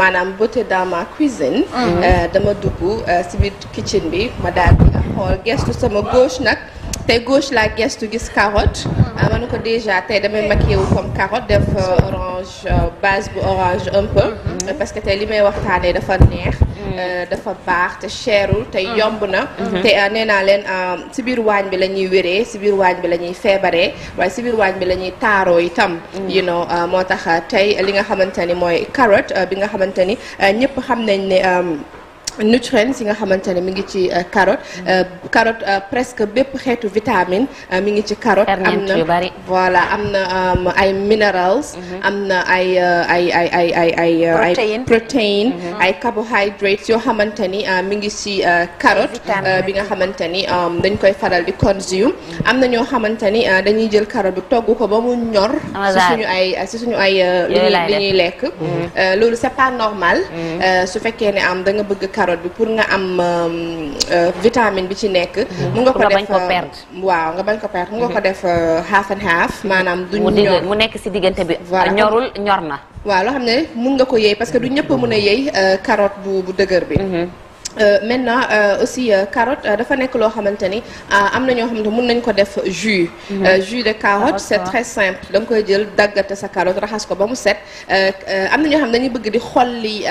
maanaam beauté dans ma cuisine. Mhm. dama dugg si biir kitchen bi ma daal di gestu sama gauche nag. tey gauche laa gestu gis carotte. Mhm. Ah, ma ne ko déjà tey damay maquillé wu comme carotte def orange base bu orange un peu. Mhm. parce que tey li may waxtaanee dafa neex. Euh, dafa baax te cherul tey mm-hmm. yomb na mm-hmm. te euh, nee naa leen euh, si biir waañ bi la ñuy wéree si biir waañ bi la ñuy feebaree waaye si biir waañ bi la ñuy taaroo itam mm-hmm. you know moo tax tey li nga xamante ni mooy carotte bi nga xamante ni ñëpp xam nañ ne nutrients yi nga xamante ne mi ngi ci euh, carotte mm. euh, carotte euh, presque bépp xeetu vitamine mi ngi ci carotte am na voilà am na um, ay minerals mm-hmm. am na ay ay ay ay ay ay ay protéine mm-hmm. ay carbohydrates yoo xamante ni mi ngi ci carotte bi nga xamante ni um, dañ koy faral di consume mm-hmm. am na ñoo xamante ni dañuy jël carotte bi togg ko ba mu ñor si suñu ay si suñu ay li ñuy lekk loolu c'est normal su fekkee ne am um, da nga bëgg carotte bi pour nga am euh, euh, vitamine bi ci nekk. Mhm. mu nga ko def euh, waaw nga bañ ko perte. mu nga ko mhm. def half and half maanaam du ñor mu nekk si diggante bi. ñorul ñor na. waaw loo xam ne mun nga ko yëy parce que du ñëpp a mun a yëy carotte bu bu dëgër bi. Mhm. Euh, maintenant euh, aussi euh, euh, dafa nekk loo xamante ni euh, am na ñoo xamante mun nañ ko def jus. Mhm. jus de carot c'est très simple da nga koy jël daggate sa carotte raxas ko ba mu set am na ñoo xam dañuy bëgg di li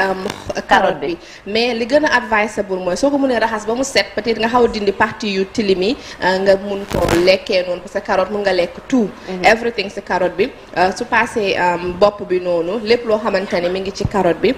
carotte bi mais li gën a advisable mooy soo ko mënee raxas ba mu set peut-être nga xaw a dindi partie yu tilim yi nga mun ko lekkee noonu parce que carotte mun nga lekk tout. Mhm. everything si carotte bi su paasee bopp bi noonu lépp loo xamante ni mi ngi ci carotte bi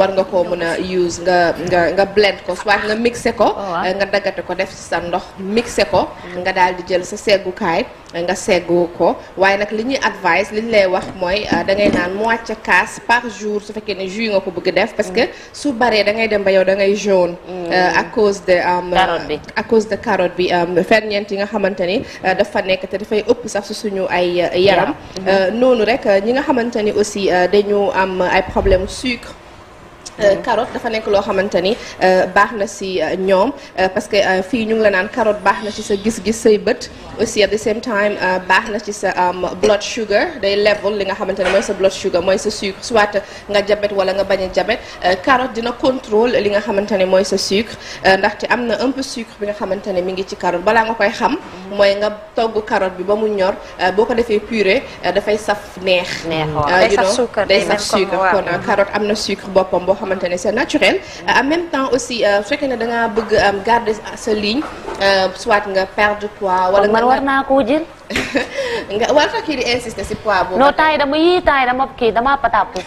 war nga koo mën a use nga nga nga seet ko soit nga mixé ko oh, nga daggate ko def ci sa ndox mixé ko nga daal di jël sa seggukaay nga seggu ko waaye nag li ñuy advice li ñu lay wax mooy euh, da ngay naan moitié kaas par jour su fekkee ne jus nga ko bëgg def parce que su baree da ngay dem ba yow dangay ngay jaune mm. euh, à cause de euh, carotte bi à cause de carotte bi ferñeent yi nga xamante ni dafa nekk te dafay ëpp sax su suñu ay yaram noonu rek ñi nga xamante ni aussi dañu am ay problème sucre Euh, carotte dafa nekk loo xamante ni euh, baax na si euh, ñoom parce que fii ñu ngi la naan carotte baax na si sa gis-gis say bët aussi at the same time baax na ci sa um, blood sugar day level li nga xamante ne mooy sa blood sugar mooy sa sucre soit nga jabet wala nga bañ jabet carotte dina contrôle li nga xamante ne mooy sa sucre ndaxte am na un peu sucre bi nga xamante ne mi ngi ci carot balaa nga koy xam mooy nga togg carotte bi ba mu ñor boo ko defee pure dafay saf neex boo xamante ne c'est naturel euh, en même temps aussi su euh, fekkee ne da ngaa bëgg euh, garder sa ligne soit nga perdre poids wala man war naa koo jël nga war tax kii di insister si poids boobu non temps yi dama yii temps yi dama kii damaa pataapu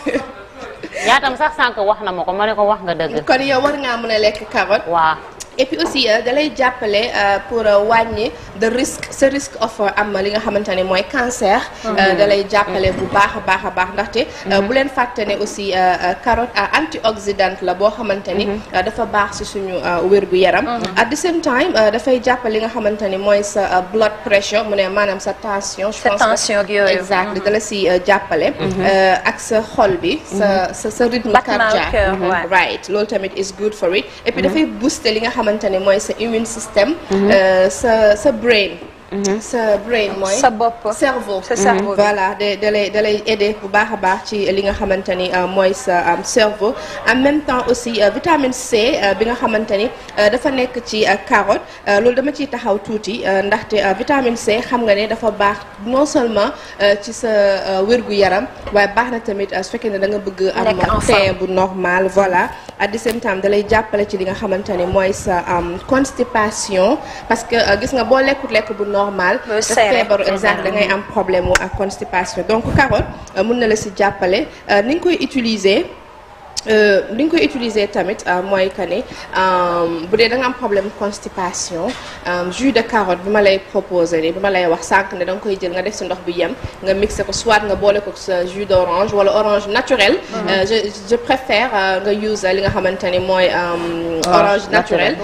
ñaatam sax sànq wax na ma ko ma ne ko wax nga dëgg kon yow war ngaa mën a lekk carotte waaw et puis aussi euh, da lay jàppale euh, pour euh, wàññi de risque ce risque of am li nga xamante ne mooy cancer. Ah, dalay jàppale mm. bu baax a baax a baax ndaxte. Mm-hmm. bu leen fàtte ne aussi carotte antioxydant la boo xamante ni. Mm-hmm. dafa baax ci suñu wér gu yaram. Mm-hmm. at the same time dafay jàppale li nga xamante ni mooy sa blood pressure mu ne maanaam sa tension. je pense sa tension si jàppale. ak sa xol bi. sa sa sa rythme cardiaque right tamit is good for it. et puis dafay booster li nga xamante ne mooy sa immune system. Mhm. Euh, sa sa brain. Mhm. sa brain mooy. sa bopp cerveau. sa mhm. voilà de da lay da lay bu baax a baax ci li nga xamante ni euh, mooy sa euh, cerveau en même temps aussi euh, vitamine C bi nga xamante ni dafa nekk ci carotte loolu dama ciy taxaw tuuti ndaxte vitamine C xam nga ne dafa baax non seulement ci sa wérgu yaram waaye baax na tamit su fekkee ne danga nga bëgg am teint bu normal voilà at the same time lay jàppale ci li nga xamante ni mooy sa constipation parce que gis nga boo lekkut lekk bu normal normal da ngay am problème wu ak constipation donc carotte euh, mun na la si jàppale euh, ni koy utiliser Euh, li nga koy utiliser tamit euh, mooy que ne euh, bu dee da nga am problème constipation jus de carotte bi ma lay proposer nii bi ma lay wax sànq ne da nga koy jël nga def si ndox bi yem nga mixer ko soit nga boole ko sa jus d' orange wala orange naturel. Mhm. je préfère nga use li nga xamante ni mooy. Ah, orange naturel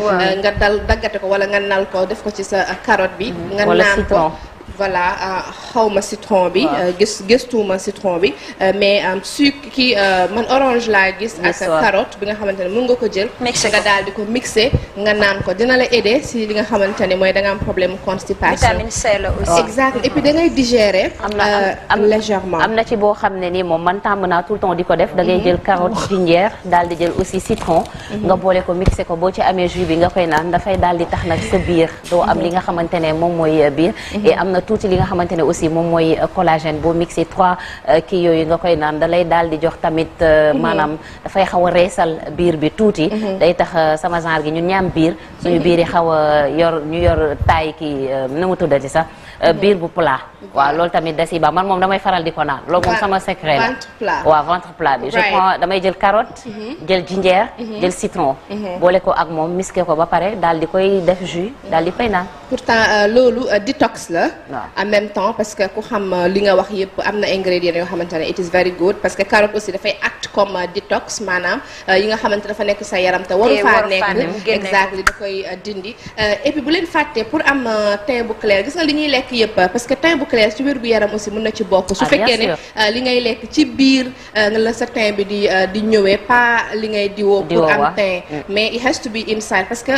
nga dal daggate ko wala nga nal ko def ko ci sa carotte bi. Mhm. nga naan ko voilà euh, xawma citron bi. Euh, gis gëstuwuma citron bi euh, mais su ki man orange laa gis. ak carotte bi nga xamante ne mën nga ko jël. nga daal di ko mixé nga naan ko dina la aider si li nga xamante ne mooy da nga am problème constipation. vitamine C la aussi. exact et puis da ngay digérer. am légèrement am na ci boo xam ne ni moom man tàmm naa tout le temps di ko def. da ngay mhm. jël carotte oh. gingembre daal di jël aussi citron. Mhm. nga boole ko mixé ko boo ci amee jus bi nga koy naan dafay daal di tax am mhm. li nga xamante ne moom mooy biir. et am na tuuti li nga xamante ne aussi moom mooy euh, collagène boo mixé trois euh, kii yooyu nga koy naan da daal di jox tamit euh, mhm. maanaam dafay xaw a reesal biir bi tuuti mhm. day tax sama genre gi ñun ñaam biir ñu mhm. biir yi xaw a yor ñu yor taay kii na mu tuddati sax Euh, biir bu plat waaw loolu tamit da si ba man moom damay faral di ko naan loolu moom sama secret la waaw ventre plat bi je damay jël carotte mhm. jël jinjeer mhm. jël citron mhm. boole ko ak moom miske ko ba pare daal di koy def jus daal di koy naan pourtant euh, loolu euh, detox la en même temps parce que ku xam li nga wax yëpp am na ingrédients yoo xamante ne it is very good parce que carotte aussi dafay act comme detox maanaam yi nga xamante dafa nekk sa yaram te waru eh, nekk exactly koy dindi et puis pour am teint bu clair li ñuy lekk lekk yëpp parce que teint bu clair ci wér gu yaram aussi mën na ci bokk su ah, fekkee ne euh, li ngay lekk ci biir euh, la sa teint bi di euh, di ñëwee pas li ngay diwoo pour am teint mm. mais it has to be inside parce que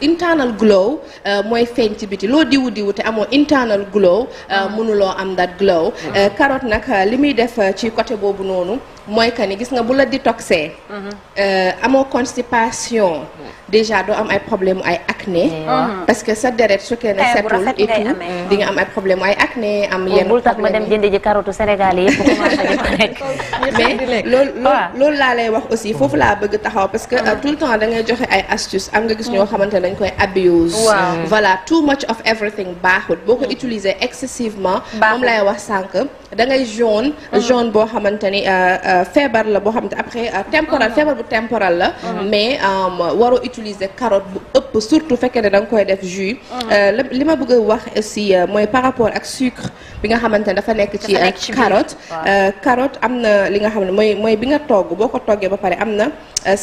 internal glow mooy feeñ ci biti loo diwu diwu te amoon internal glow ah. mënuloo am that glow mm. carotte nag li muy def ci côté boobu noonu mooy que ni gis nga bu la détoxé. Mhm. Euh, amoo constipation. déjà doo am ay problème ay acné. Eh, mhm. parce que sa deret su kenn setul et di nga am ay problème ay acné am yenn. bul tax ma dem jënd ji Sénégal yi yëpp commencé mais loolu loolu laa lay wax aussi foofu laa bëgg taxaw parce que euh, mhm. tout le temps dangay joxe ay astuces am nga gis ñoo xamante ne dañ koy abuse. Mm. voilà too much of everything baaxul boo ko mm. utiliser excessivement. moom lay wax sànq da jaune. Mm. jaune boo xamante ni. Euh, feebar la boo xam ne après euh, temporal oh feebar bu temporal la oh mais euh, waroo utiliser carotte bu ëpp surtout fekkee ne danga nga koy def jus oh euh, li ma bëgg a wax aussi mooy par rapport ak sucre bi nga xamante ne dafa nekk ci carotte carotte am na li nga xam ne mooy mooy bi nga togg boo ko toggee ba pare am na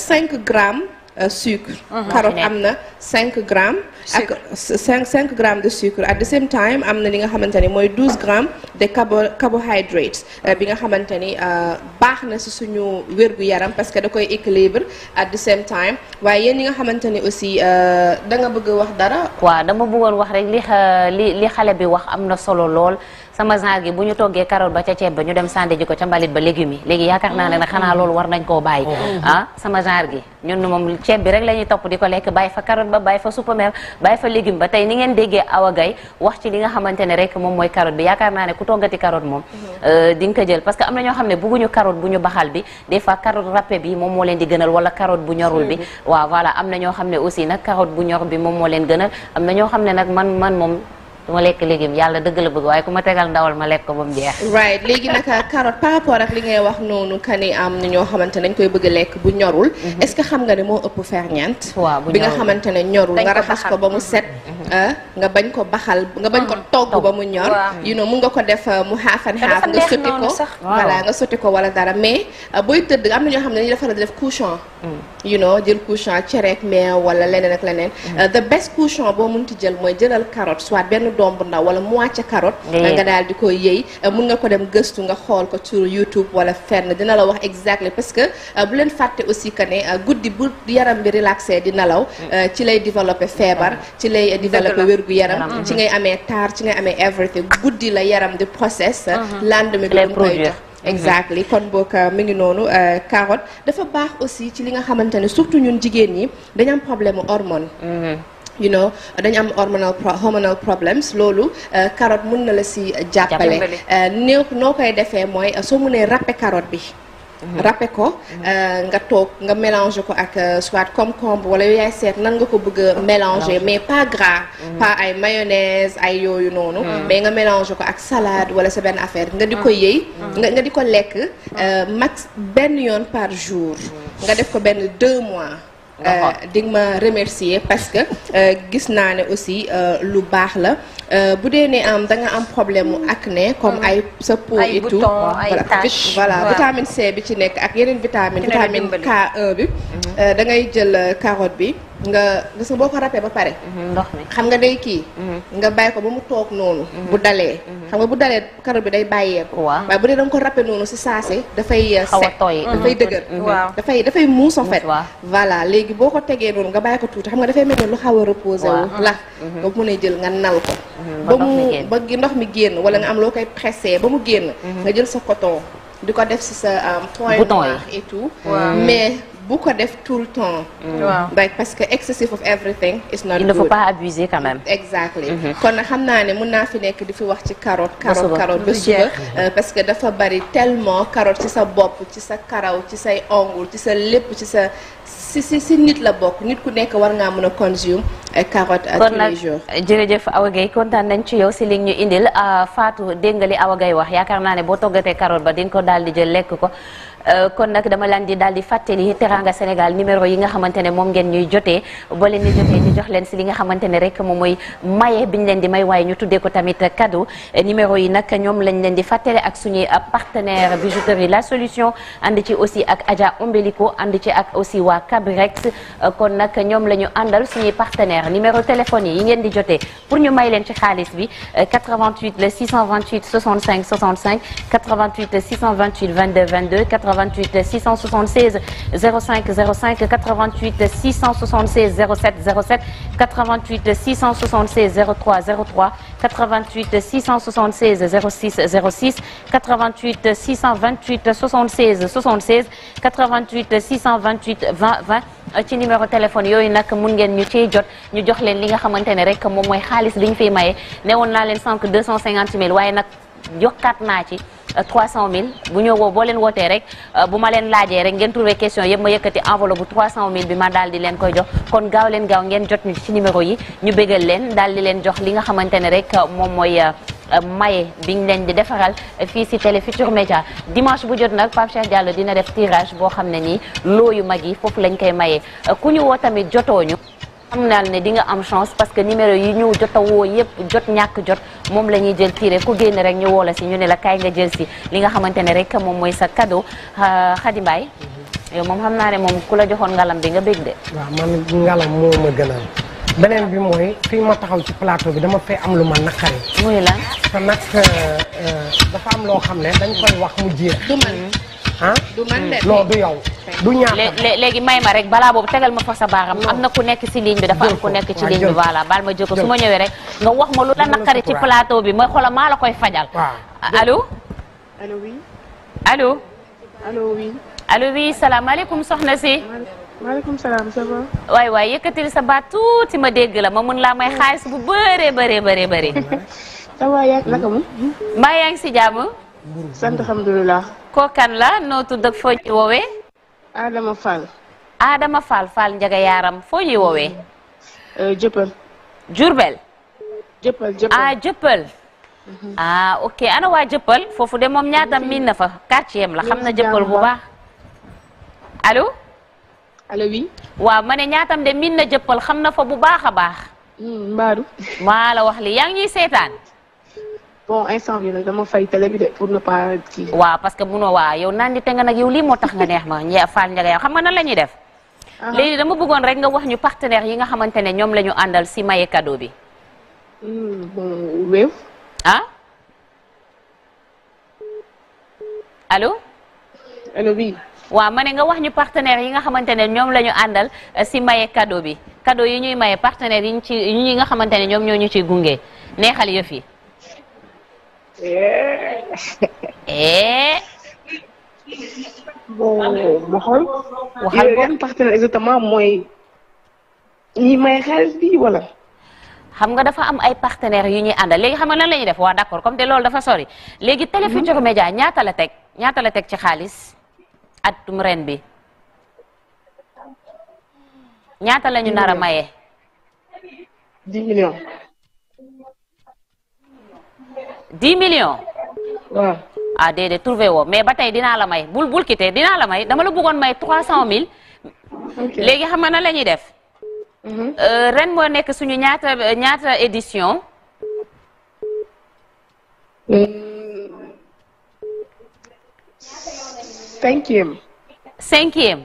cinq grammes Euh, sucre. carotte am na 5 grammes. ak cinq 5 grammes de sucre at the same time am na li nga xamante ni mooy douze grammes de carbo carbohydrates euh, bi nga xamante ni euh, baax na si suñu wér gu yaram parce que da koy équilibre at the same time waaye yéen ñi nga xamante ni aussi da nga bëgg wax dara. waaw dama bëggoon wax rek li li xale bi wax am na solo lool. sama genre gi bu ñu toggee carotte ba ca ceeb ba ñu dem sànni ji ko ca mbalit ba légumes yi léegi yaakaar naa ne nag xanaa loolu war nañ koo bàyyi oh. ah, sama genre gi ñun moom ceeb bi rek la topp di ko lekk bàyyi fa carotte ba bàyyi fa suppamer bàyyi fa légume ba tey ni ngeen déggee awa wax ci li nga xamante ne rek moom mooy carotte bi yaakaar naa ne ku toggati carotte moom mm-hmm. euh, di nga parce que am na ñoo xam ne bugguñu carotte bu ñu baxal bi des du ma lekk légume yàlla dëgg la bëgg waaye ku ma tegal ndawal ma lekk ko ba mu jeex. right léegi nag euh, carotte par rapport ak li ngay wax noonu ka am na ñoo xamante ne dañ mhm. xam nga ne moo ëpp ferñeent. waaw bu ñorul bi nga xamante ne ba ko baxal ba mu mhm. euh, mm. ñor. you know mun nga ko def euh, mu xaafan xaaf. nga sotti ko voilà nga sotti ko wala dara mais booy tëdd am na ñoo xam ne dañuy defar def couchon. Mm. you know jël couchon cereek meew wala leneen ak leneen. Mm. the best couchon boo mënti jël mooy jëlal carotte soit benn doom bu ndaw wala mu wàcce carotte nga daal di koy yëy euh, mun nga ko dem gëstu nga xool ko sur YouTube wala fen dina la wax exactly parce que euh, bu leen fàtte aussi que ne euh, guddi bu yaram bi relaxé di nelaw mm. ci lay développé feebar mm. ci lay développé wérgu yaram mm-hmm. ci ngay amee taar ci ngay amee everything guddi la yaram di process mi mm-hmm. bi mu koy jox mm-hmm. exactly kon boog mi ngi noonu carotte dafa baax aussi ci li nga xamante ne surtout ñun jigéen ñi dañu am problème hormone you know dañu am hormonal pro hormonal problems loolu karoot euh, mën na la si jàppale euh, néew noo koy defee mooy euh, soo mënee râpé carotte bi mhm. râpé ko mhm. nga toog nga mélanger ko ak soit concombre wala yooyu yaay seet nan nga ko bëgg a ah, mais pas gras mhm. pas ay mayonnaise ay yooyu noonu mais nga mélanger ko ak salade wala sa benn affaire nga di ko ah. yëy nga nga di ko lekk ah. max benn yoon par jour nga def ko benn deux mois Euh, digma remercier parce que euh, gis naa ne aussi euh, lu baax la bu dee nee am da nga am problème mu ne comme mm. ay sa peau et tout voilà vitamine C bi ci nekk ak yeneen vitamine vitamine K1 bi mm-hmm. da ngay jël carotte bi nga gis nga boo ko râpé ba pare. Mhm, ndox mi xam nga day kii. Mhm. nga bàyyi ko ba mu toog noonu. Mhm. bu dalee. xam nga bu dalee karo bi day bàyyeeku. waaw waaye bu dee da nga ko râpé noonu si saase. dafay sec uh, xaw a tooy dafay dëgër. waaw dafay dafay muus en fait. voilà léegi boo ko tegee noonu nga bàyyi ko tuuti xam nga dafay mel ne lu xaw a reposé wu. la nga mun a jël nga nal ko. ba mu ba ndox mi génn wala nga am loo koy pressé ba mu génn. nga jël sa coton di ko def si sa. Um, bouton yi et tout mais. bu ko def tout le temps. Mm. waaw parce que excessive of everything is not good. il ne faut pas abuser quand même. exactly mm-hmm. kon xam naa ne mun naa fi nekk di fi wax ci carotte. carotte carotte ba suba euh, parce que dafa bari tellement carotte ci sa bopp ci sa karaw ci say ongles ci sa lépp ci sa si nit la bokk nit ku nekk war ngaa mun a consume euh, carotte à euh, tous les jours. kon nag jërëjëf Awa kontaan nañ ci yow si li ñu indil Fatou dégg nga li wax yaakaar naa ne boo toggatee carotte ba di ko daal di jël lekk ko. Euh, kon nag dama laan di daal di fàttali Teranga Sénégal numéro yi nga xamante ne moom ngeen ñuy jotee boo leen di jotee ñu jox leen si li nga xamante ne rek moom mooy maye bi ñu leen di may waaye ñu tuddee ko tamit cadeau euh, numéro yi nag ñoom lañ leen di fàttale ak suñuy euh, partenaire bijouterie La Solution ànd ci aussi ak Adja Ombelico ànd ci ak aussi waa Cabirex kon nag ñoom la ñu àndal suñuy partenaire numéro téléphone yi ngeen di jotee pour ñu leen ci xaalis bi 88 le 628 65 65 88 le 628 88 676 05 05 88 676 07 07 88 676 03 03 88 676 06 06 88 628 76 76 88 628 20 20 ci numéro téléphone yooyu nag mun ngeen ñu ciy jot ñu jox leen li nga xamante ne rek moom mooy xaalis bi ñu fiy maye ne woon naa leen sànq 250 000 waaye nag yokkaat naa ci Euh, cent mille bu ñëw woo boo leen wootee rek euh, bu ma leen laajee rek ngeen trouvé question yëpp ma yëkkati enveloppe bu 300000 bi ma daal di leen koy jox kon gaaw leen gaaw ngeen jot ñu ci numéro yi ñu bégal leen daal di leen jox li nga xamante ne rek euh, moom mooy maye bi leen di defaral fii si Télé Futurs média dimanche bu jot nag Pape Cheikh Diallo dina def tirage boo xam ne nii looyu mag yi foofu lañ koy maye ku ñu woo tamit jotooñu xam naa ne di nga am chance parce que numéro yi ñu jot a woo jot ñàkk jot moom la ñuy jël tiré ku génn rek ñu woo si ñu ne la kaay nga jël si li nga xamante ne rek moom mooy sa cadeau Khady Mbaye moom xam naa ne moom ku la joxoon ngalam bi nga bég de. waaw man ngalam moo ma gënal beneen bi mooy fii ma taxaw ci plateau bi dama fee am lu ma naqari. muy lan te nag euh, euh, dafa am loo xam ne dañ koy wax mu jeex. Mm-hmm. ah non du yow léegi may ma rek balaa boobu tegal ma fa sa baaxam am na ku nekk ci ligne bi dafa am ku nekk ci ligne bi voilà baal ma jël ko su ma ñëwee rek nga wax ma lu la naqari ci palaato bi ma xoolal maa la koy fajal allo allo oui allo allo oui allo oui salaamaaleykum soxna si maaleykum salaam ça va. waay waay yëkkatil sa baat tuuti ma dégg la ma mun laa may xaalis bu bëree bëree bëree bëri. ça va ngi si jàmm. sant alhamdulilah. kookan la noo tudd ak foo ñuy woowee. Adama Fall. Adama Fall Fall Njaga Yaaram foo ñuy woowee. Jëppal. Euh, Jurbel. Jëppal Jëppal ah Jëppal. Mhm. Ah, ok ana waa Jëppal foofu de moom ñaatam miin na fa quartier am la xam na Jëppal bu baax. allo. allo oui. waaw ma ne ñaatam de miin na Jëppal xam na fa bu baax a baax. Hmm, Mbaadu. maa la wax li yaa ngi seetaan. bon instant bi nag dama fay télé pour ne pas kii. waaw parce que munoo waa yow naan di te nga nag yow lii moo tax nga neex ma ña Fall Ndiaga xam nga na la ñuy def. Ah. léegi dama bëggoon rek nga wax ñu partenaire yi nga xamante ne ñoom lañu ñu àndal si maye cadeau bi. bon allo. waaw ma ne nga wax ñu partenaire yi nga xamante ne ñoom la ñu àndal si maye cadeau bi cadeau yi ñuy maye partenaire yi ñu ci yi nga xamante ne ñoom ñoo ñu ciy gunge neexal yëf yi. eh. bon ma waxal ko yan partenaire mooy ñi may xaalis bi wala. xam nga dafa am ay partenaires yu ñuy àndal léegi xam nga lan la ñuy def waa d'accord comme te loolu dafa sori léegi Télé hmm? Futurs Médias ñaata la teg ñaata la teg ci xaalis atum ren bi ñaata lañu ñu nar a maye. dix millions. waaw ah déedéet trouvé woo mais ba tey dinaa la may bul bul quitté dinaa la may dama la bëggoon may trois cent mille. léegi xam nga nan la ñuy def. Mhm. Euh, ren moo nekk suñu ñaata ñaata édition. Euh, cinquième. cinquième.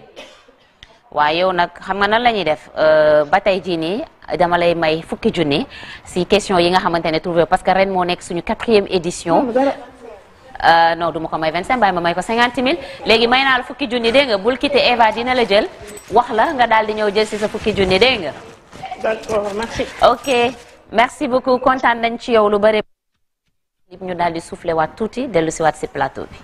waaw yow nag xam nga na lañuy ñuy def euh, ba tey jii nii. dama lay may fukki junni si question yi nga xamante ne trouvé parce que ren moo nekk suñu quatrième édition non euh, du ma ko may 25 bàyyi ma may ko 50 000 léegi may naa la fukki junni dégg nga bul quitté Eva dina la jël wax la nga daal di ñëw jël si sa fukki junni dégg nga. d'accord merci. ok merci beaucoup kontaan nañ ci yow lu bëri. ñu daal di soufflé tuuti dellu si waat si plateau bi.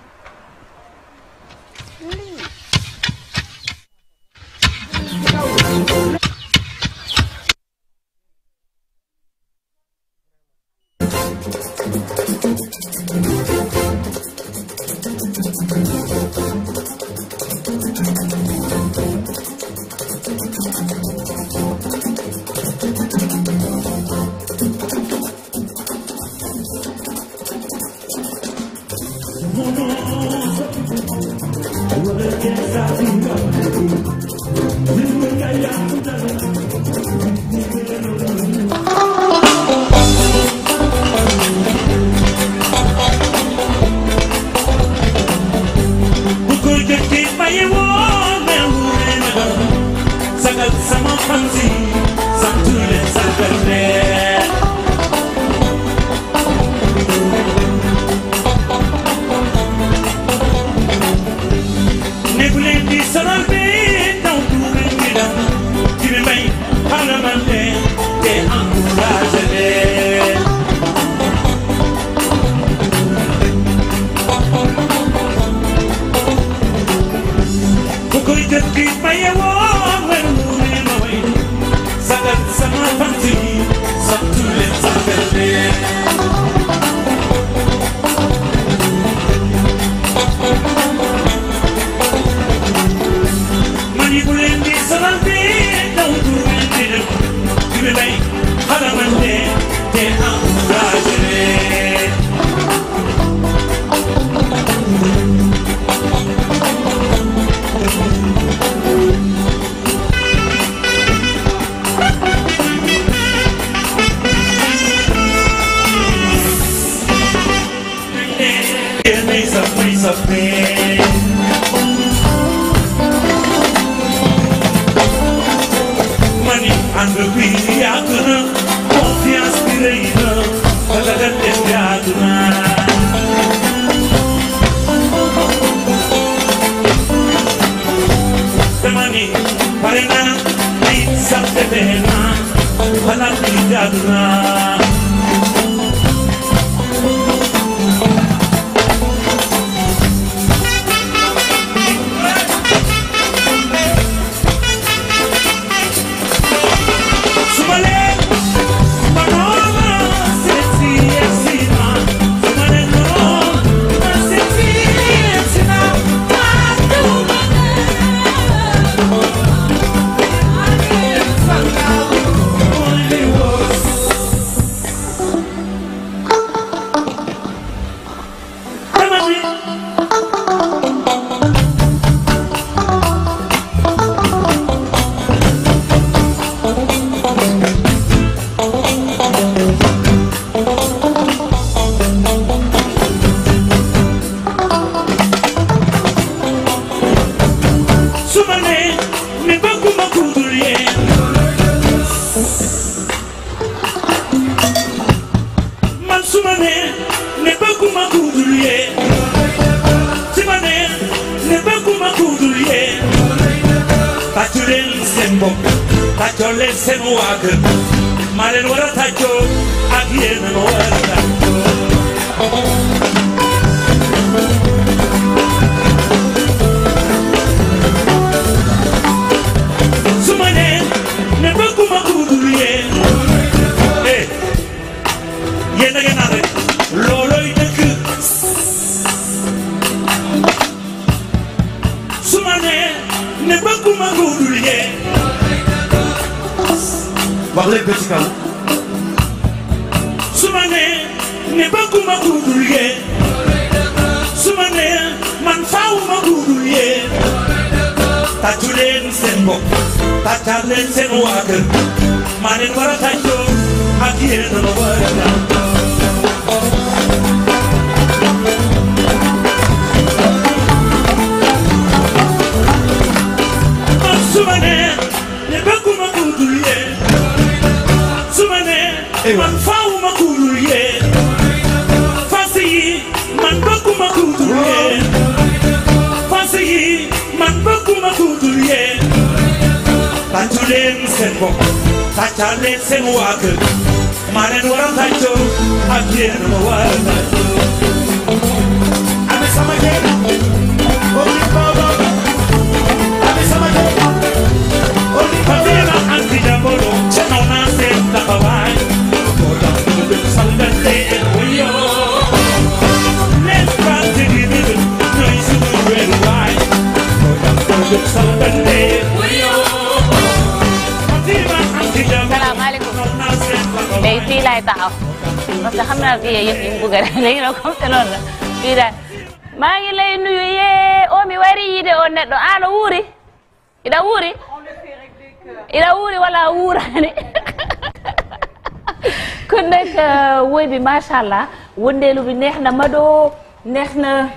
macha allah wëndeelu bi neex na Mado neex na.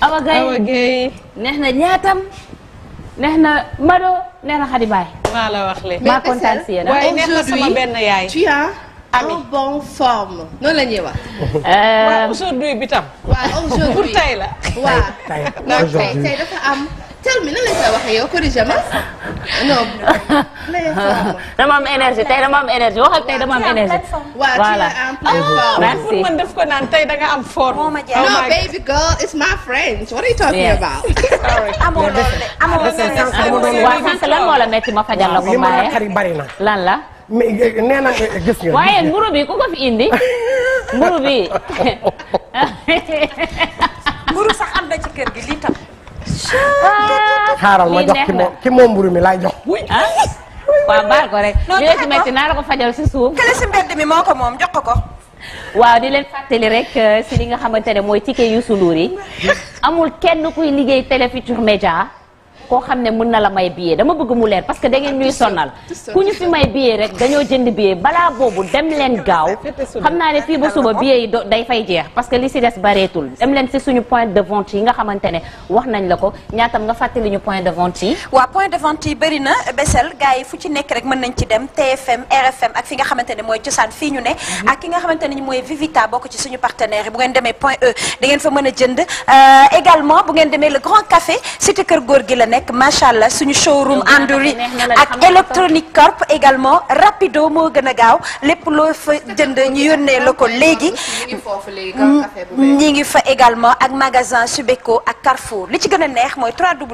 Awa Gueye neex na ñaatam neex na Mado neex na Khady Baye. maa la wax leen maa kontaan si yéen ah. waaye neex na sama benn yaay. tu as en bonne forme. noonu la ñuy wax. Euh, waaw aujourd'hui bi tam. waaw aujourd'hui pour tey la. waaw tey tey tey dafa am. terme nan lañ koy waxee yow corrigé ma non. dama am énergie tey dama am énergie waxal tey dama am énergie. voilà Oh, merci pour man daf ko naan tey da nga am forme. moo ma jeexal oh non baby girl it's my friends what are you talking about. amoo loolu de amoo loolu de. waaw sànq lan moo la metti ma fajal la ko mbaaye li ma bari na lan la. mais eh, eh, nee na eh, gis nga. waaye mburu bi ku ko fi indi. mburu bi. mburu sax am na ci kër gi lii tam. Ah, xaaral ma jox ki moom ki moom mburu mi laay jox. Ah? waaw baal ko rek. non dina ko li la ci metti naa la ko fajal si suuf. kële si mbedd mi moo ko moom jox ko ko. waaw di leen fàttali rek euh, si li nga xamante ne mooy ticket Youssou Ndour yi amul kenn kuy liggéey Télé Futurs Médias koo xam ne mën na la may billet dama bëgg mu leer parce que da ñuy sonal ku ñu fi may billet rek dañoo jënd billet balaa boobu dem leen gaaw xam naa ne fii ba billet yi day fay jeex parce que li si des bareetul dem leen si suñu point de vente yi nga xamante wax nañ la ko ñaatam nga fàttali ñu point de vente yi waaw point de vente yi bëri na Bessel yi fu ci nekk rek mën nañ ci dem TFM RFM ak fi nga xamante mooy cosaan fii ñu rek macha allah suñu showroom Andoury ak Electronic Corp également rapido moo gën a gaaw lépp loo fa jënd ñu yónnee la ko léegi mm, ñi ngi fa également ak magasin Subeco ak Carrefour li ci gën a neex mooy 3w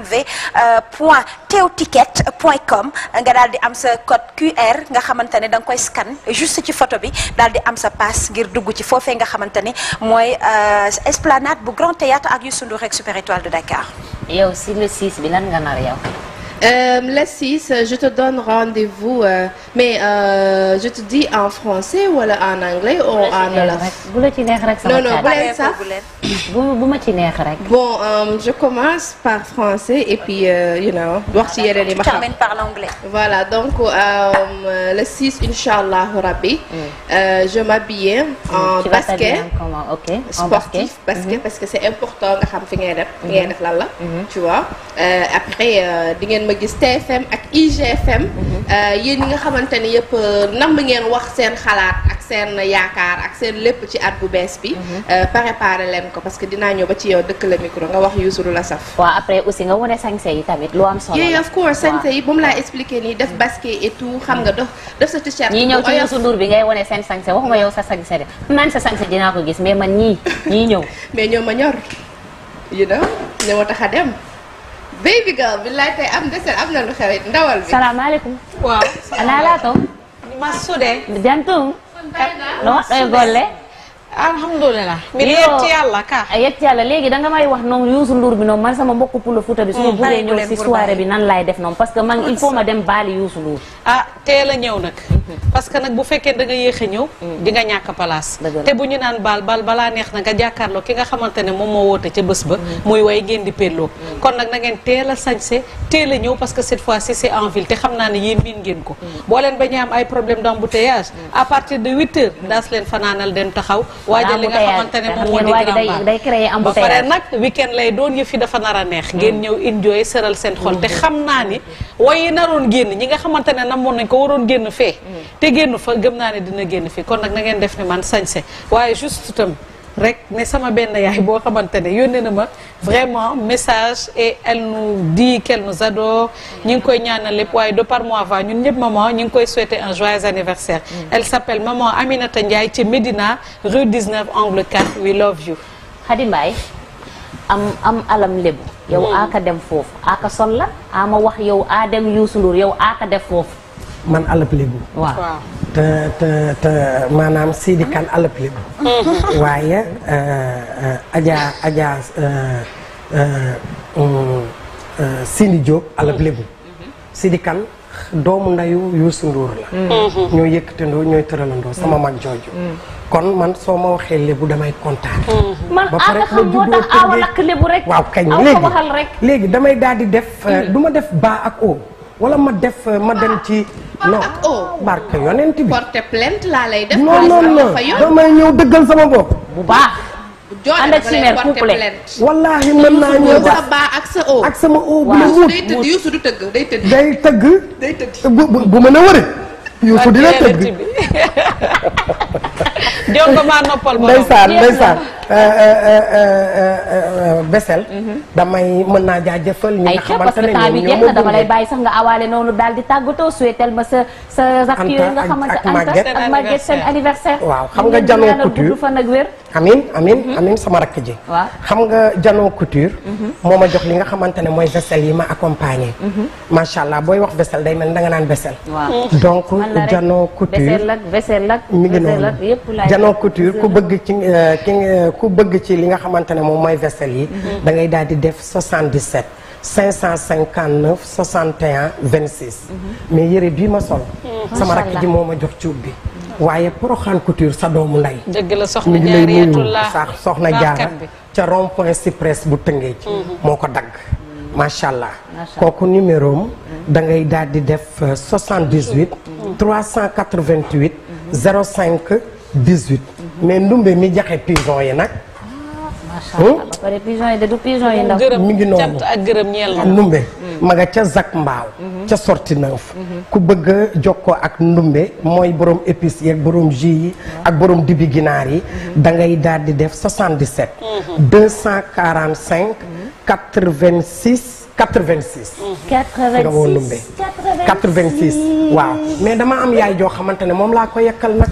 point teoticket point com nga daal di am sa code QR nga xamante ne da koy scan juste ci photo bi daal di am sa passe ngir dugg ci foofee nga xamante ne mooy euh, esplanade bu Grand Théâtre ak Youssou Ndour rek de Dakar nga nar yow Euh, la 6, euh, je te donne rendez-vous, euh, mais euh, je te dis en français wala en anglais ou en wolof. bu la ci neex rek non non bu leen sax bu bu ma ci neex rek. bon euh, je commence par français et puis euh, you know wax ci yeneen yi ma xam. par l'anglais. voilà donc le 6 incha allah rabbi. Mm. je m'habille en mm, basket. Okay. en sportif basket, basket mm -hmm. parce que c'est important nga xam fi ngay def. fi ngay mm-hmm. def lan la. Mm-hmm. tu vois après di ngeen. ngeen ma gis TFM ak IGFM. Euh, yéen ñi nga xamante ni yëpp euh, namb ngeen wax seen xalaat ak seen yaakaar ak seen lépp ci at bu bees bi. Mhm. Euh, préparé leen ko parce que dinaa ñëw ba ci yow dëkk la micro nga wax Youssou lu la saf. waaw après aussi nga wane sance yi tamit lu am solo la. of course sañse yi bu mu laa expliqué nii def basket et xam nga dox def sa t-shirt. ñii ñëw ci Youssou Ndour bi ngay wane seen sañse waxuma yow sa sañse de man sa sañse dinaa ko gis mais man ñii ñëw. mais ñoo ma ñoo tax a dem. baby girl bi laay tey am desel am na lu xewit ndawal bi. salaamaaleykum. waaw. ana laa toog. ma sudee. jantum. loo alhamdulilah. mbir yëpp ci yàlla ka eh, yëpp ci yàlla léegi danga may wax noonu Youssou Ndour bi noonu man sama mbokku Pula Fuuta bi. su ma buggee ñëw si soirée bi nan laay def noonu parce que man il faut ma dem baali Youssou Ndour. ah teel a mhm. parce que nag bu fekkee da yéex a ñëw. Mm. di nga ñàkk place. te bu ñu naan baal baal balaa neex na nga jàkkaarloo ki nga xamante ne moom moo woote ca bés ba. Mm. muy way ngeen di pelloo. Mm. kon nag na ngeen teel a sañse teel a ñëw parce que cette fois ci c'est en ville te xam naa ne yéen miin ngeen ko. boo leen bañ a am ay problème d'embouteillage à partir de huit heures leen fanaanal dem taxaw waajal li nga xamante ne moom moo di grand day créer am ba pare nag weekend lay doon yëf yi dafa nar a neex ngeen ñëw enjoy seral seen xol te xam naa ni wayi naroon génn ñi nga xamante ne namoon nañ ko waroon génn fee te génn fa gëm naa ne dina génn fi kon nag nangeen def ni man sañse waaye juste tam rek ne sama benn yaay boo xamante ne yónnee na ma vraiment message et elle nous dit qu'elle nous adore ñu ngi koy ñaanal lépp waaye de par moi va ñun ñëpp maman ñu ngi koy souhaiter un joyeux anniversaire. Mm. elle s'appelle maman Aminata Ndiaye ci Médina rue 19 angle 4 we love you. Khady Mbaye am am alam lébu. yow mm. aaka dem foofu aaka sol la ama wax yow aa dem Youssou Ndour yow aaka def foofu. man alam lébu waaw. te te te maanaam Sidi Kane àllëp lépp mhm. waaye euh, euh, Adja Adja euh, mm, Sini Diop àllëp lépp mhm. Sidi doomu ndayu Youssou Ndour la mhm. ñoo yëkkatandoo ñooy tëralandoo sama mag jooju kon man soo ma waxee lébu damay kontaan ba léegi damay daal di def du ma def baa ak o wala ma def ma dem ci. non oh. barke yonent bi. porte plainte laa lay def. non non non damay ñëw dëggal sama bopp. bu baax. ànd ak si mère couple wallaahi mën naa ñëw sa ak sa oo. ak sama oo la wut day tëgg Youssou tëgg day tëgg. day tëgg. day tëgg bu bu mën a wëre. Youssou di la tëgg jongo maa noppal ma ndeysaan ndeysaan euh, euh, euh, Bessél mhm. damay mën naa jaajëfal ñi nga xamante ne ñoom ñoo ma dama lay bàyyi sax nga awaale noonu daal di tàggatoo souhaitel ma sa sa rakk yooyu anniversaire waaw xam nga Jano Couture gudd fan ak wér amin amin mhm. amin sama nga Jano Couture mhm. moo ma jox li nga xamante ne mooy vaisselle yi ma accompagné macha allah booy wax vaisselle day mel na nga naan vaisselle la rek janoo couture vaisselle ak mi ngi noonu janoo couture ku bëgg ci euh, ki euh, ku bëgg ci li nga xamante ne moom mooy vaisselle yi mhm. da ngay daal di def cent cinquante 77 559 61 26 mais yëre bii ma sol mhm. sama rakk ji moo ma jox cuub bi waaye Porokhane couture sa doomu ndey dëgg la soxna jaara yetul sox sax soxna jaara ca rond point cyprès bu tëngee ci mhm. moo ko dagg macha allah kooku numéro am da ngay daal di def 78 388 05 18 mais ndumbe mi jaxe pigeon yi nag ah, macha allah hmm? ba pare pigeon yi yi ndaw mi ngi noonu ak gërëm ñeel la ndumbe hmm. ma ca Zac Mbaaw hmm. ca sorti neuf ku bëgg a jokkoo ak ndumbe mooy borom épices yi ak borom jus yi ak borom dibi ginaar yi da ngay daal di def 77 245 86 86. 86 nga woon numbe 86 waaw mais dama am yaay joo xamante ne moom laa ko yekkal nag.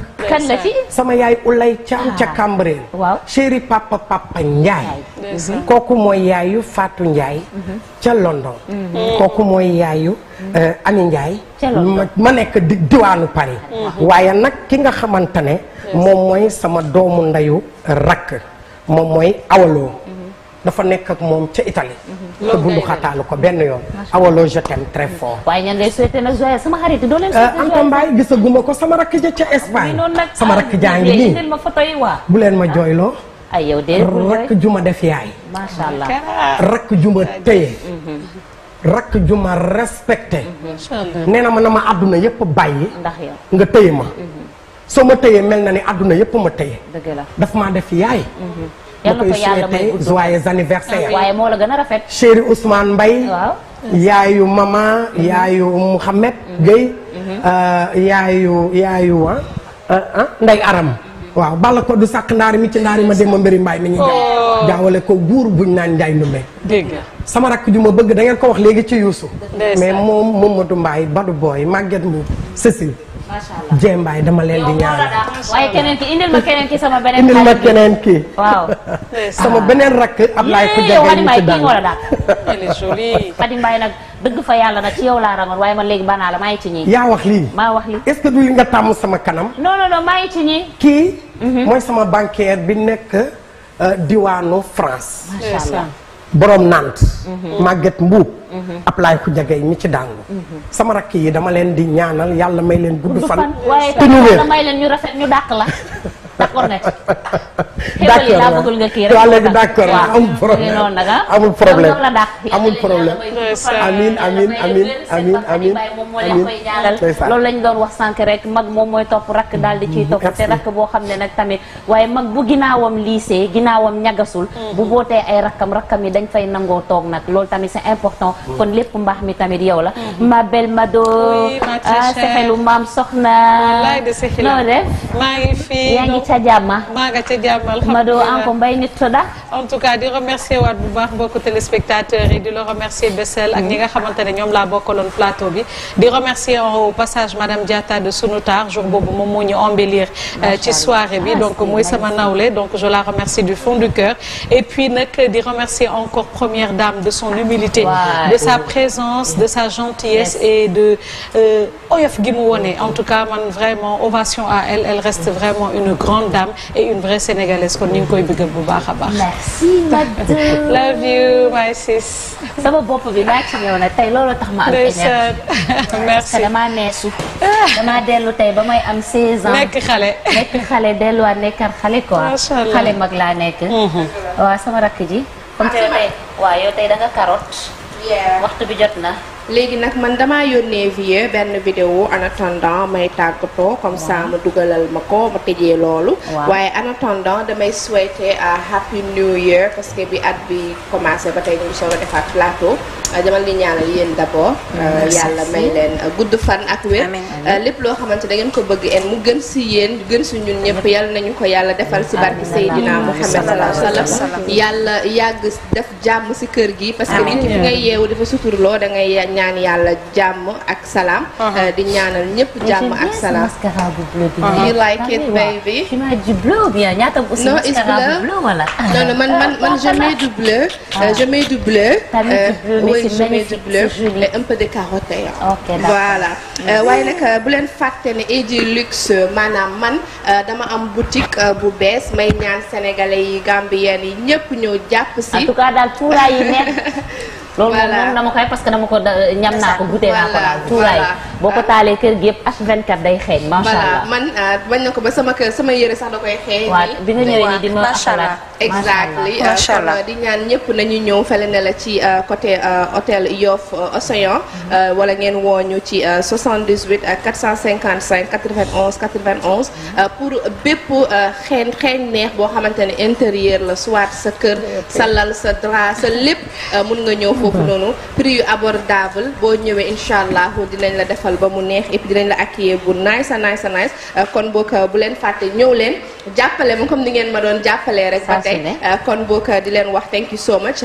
sama yaay Ulay Caam ah. ca Cambérène. waaw chéri papa papa Ndiaye. Mm-hmm. kooku mooy yaayu Fatou Ndiaye. Mm-hmm. ca London. Mm-hmm. kooku mooy yaayu euh, Ami Ndiaye. ma nekk di diwaanu Paris. waaye nag ki nga xamante ne. moom mooy sama doomu ndeyu rakk moom mooy awaloo. dafa nekk ak moom ca Italie. te bundu xataalu ko benn yoon. awaloo je t'aime très mm-hmm. fort. waaye ñan ngay souhaité sama xarit doo leen euh, souhaité Anta Mbaye gisaguma ko sama rakk ja ca Espagne. sama ah, rakk jaa ngi nii bu leen ma jooyloo. ay ah, yow de rakk juma def yaay. macha allah rakk juma téye. Mm-hmm. rakk juma respecté. Mm-hmm. nee na ma na ma àdduna yëpp bàyyi. ndax nga téye ma. soo ma téyee mel na ni àdduna yëpp ma téye. dëgg la daf maa def yaay. yal na ko yàlla may gudd joyeux ah, rafet. chéri Ousmane Mbaye. waaw yaayu mama. Mhm. yaayu Mouhamed mhm. Gueye. Mhm. Euh, yaayu yaayu ah, ah ah Ndeye Aram. waaw bala ko du sàkk ndaari mi ci ndaari ma ma mbiri mbaay mi ñu oh. jaawale ko guur buñ naan njaay ndumbe dégg sama rakk ju ma bëgg da ngeen ko wax léegi ci yuusu mais moom Mamadou Mbaye Badou Boy Maguette Mbu Cécile macha baay dama leen di ñaanal. waaye keneen ki indil ma keneen ki sama beneen. indil ma keneen ki. waaw. sama ah. beneen ñu ci daan yéen Fadi nag dëgg fa yàlla nag ci yow laa rangoon waaye man léegi banaa maa ngi ci ñii. yaa wax lii maa wax lii. est-ce que du li nga tàmm sama kanam. non non non maa ngi ci ñii. kii. Mhm. mooy sama banquier bi nekk euh, diwaanu France. borom nant mhm. màgget mbuub Ablaay ku jagay ñu ci dàngu mhm. sama rakk yi dama leen di ñaanal yàlla may leen gudd fan te ñu wér ñu rafet ñu dàq la d'accord na ci. d'accord naa bëggul nga kii rek. waaw léegi d'accord amul problème amul problème amul problème. amiin amiin amiin lañ doon wax sànq rek mag moom mooy topp rakk daal di ciy mm-hmm. topp te rakk boo xam ne nag tamit waaye mag bu ginnaawam liisee ginnaawam ñagasul. bu mm-hmm. bootee ay rakkam rakkam yi dañ fay nangoo toog nag loolu tamit c'est important. Mm-hmm. kon lépp mbaax mi tamit yow la. ma belle Mado. ah sexelu maam soxna. noo def. ca jàmma maa nga ca jàmma Madou Anko Mbaye nit to da en tout cas di remercier waat bu baax mbokku téléspectateurs yi di la remercier Bessel ak ñi nga xamante ne ñoom laa bokkaloon plateau bi di remercier au passage madame Diatta de Sunutar jour boobu moom moo ñu embellir euh, ci soirée bi ah, donc mooy sama nawle donc je la remercie du fond du cœur et puis nag di remercier encore première dame de son humilité de sa présence de sa gentillesse et de euh, oyof gi mu wone en tout cas man vraiment ovation à elle elle reste vraiment une grande grande dame et une vraie sénégalaise kon ñu ngi koy bëggal bu baax a baax. merci madame. love you my sis. sama bopp bi maa ci ñëw nag tey loolu tax ma am. énergie merci damaa neesu. damaa dellu tey ba may am 16 ans. nekk xale nekk xale delluwaat nekkal xale quoi. macha allah xale mag laa nekk. Mhm. waaw sama rakk ji. comme que tey waaw yow tey da nga carotte. waxtu bi jot na. léegi nag man damaa yónnee vie benn vidéo en attendant may tàggatoo comme ça ma dugalal ma ko ma tëjee loolu. waaye en attendant damay souhaiter à happy new year parce que bi at bi commencé ba tey ñu ngi soog a defaat plateau. Euh, dama leen ñaanal yéen d' abord. Euh, yàlla may leen gudd fan ak wér. Euh, lépp loo xamante da ngeen ko bëgg en mu gën si yéen gën si ñun ñëpp yàlla nañu ko yàlla defal si barki Seydina Muhammad sallallahu sallam yàlla yàgg def jàmm si kër gi. parce que nit ki ngay yeewu ñaan yàlla jàmm ak salaam. Uh-huh. Uh, di ñaanal ñëpp jàmm ak salaam. Uh-huh. you like it baby. tu m'as du bleu ou bien ñaata aussi mascara bu bleu wala. non non man man man je mets du bleu. Ah. Euh, je mets du bleu. Euh, oui je mets du bleu mais un peu de carotte ok voilà. Mm. Euh, waaye nag bu leen fàtte ne Eddy Luxe maanaam man dama am boutique bu bees may ñaan sénégalais yi gambien yi ñëpp ñëw jàpp si. en tout cas daal tuuraay yi neex. loolu moom dama koy parce que dama ko ñam naa ko goûté naa ko daal tuuraay boo ko taalee kër gi yëpp day xeeñ macha allah man ah, bañ na ko ba sama kër sama yére sax da koy xeeñ bi nga ñëwee nii di ma akalaat ah, ñaan ñëpp nañu ñëw fële ne la ci ah, côté hôtel Yoff Océan mhm. wala ngeen wooñu ci 78 455 91 91 pour bépp xeeñ xeeñ neex boo xamante ne intérieur la soit sa kër sa lal sa drap sa lépp mun nga ñëw foofu noonu prix yu abordable boo ñëwee incha allah dinañ la defal ba mu neex et puis dinañ la accueillir bu nice a nice a nice euh, kon boog euh, bu leen fàtte ñëw leen jàppale ma comme ni ngeen ma doon jàppalee rek ba tey euh, kon boog di leen wax thank you so much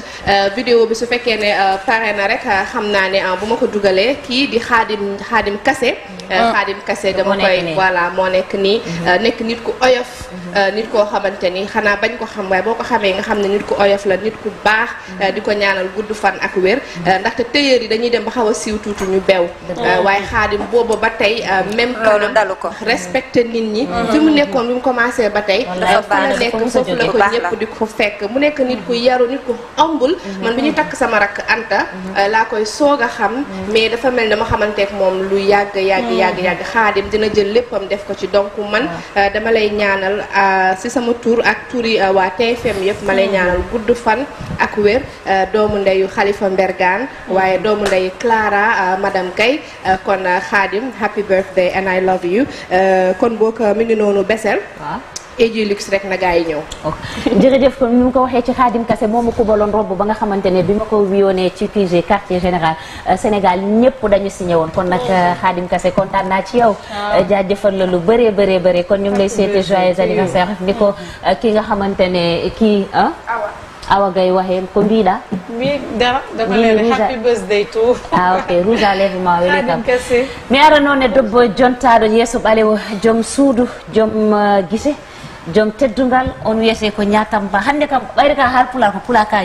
vidéo bi su fekkee ne pare na rek xam naa ne bu ma ko dugalee kii di xaadim xaadim kase xaadim oh. kase dama koy voilà moo nekk nii mhm. nekk nit ku oyof mhm. nit koo xamante ni xanaa bañ ko xam waaye boo ko xamee nga xam ne nit ku oyof la nit ku baax mhm. di ko ñaanal gudd fan ak ak wér euh, ndaxte tailleur yi dañuy dem ba xaw a siiw tuuti ñu beew euh, waaye xaadim booba ba tey euh, même ko respecté nit ñi mm-hmm. fi mu nekkoon bi mu commencé ba tey fu la nekk foofu la ko ñëpp di ko fekk mu nekk nit ku yaru nit ku humble mm-hmm. man bi ñu takk sama rakk Anta mm-hmm. laa koy soog a xam mais dafa mel dama xamanteek moom lu yàgg yàgg yàgg yàgg xaadim dina jël léppam def ko ci donc man ah. dama lay ñaanal si sama tur ak turi waa TFM yëpp ma lay ñaanal gudd fan ak wér doomu ndeyu xalif Khalifa Mbergane waaye doomu ndey Clara euh, madame Kay euh, kon euh, Khadim happy birthday and I love you kon boo ko mi ngi noonu Bessél eji luxe rek na gaa yi ñëw. jërëjëf kon ni mu ko waxee ci Khadim Kassé moomu ko baloon robb ba nga xamante ne bi ma ko wiyonee ci QG quartier général Sénégal ñëpp dañu signé woon kon nag Khadim Kassé kontaan naa ci yow. jaajëfal la lu bëree bëree bëri kon ñu ngi lay souhaiter joyeux anniversaire ni ko ki nga xamante ne Awa Gaye waxee ko mbiɗa mbi dara dama ah, mi ara noon e debbo jontaɗo yeeso ɓalewo joom suudu joom uh, guise joom teddugal on wiyete ko ñatamba hande kam ɓayri ka har pular ko pular ka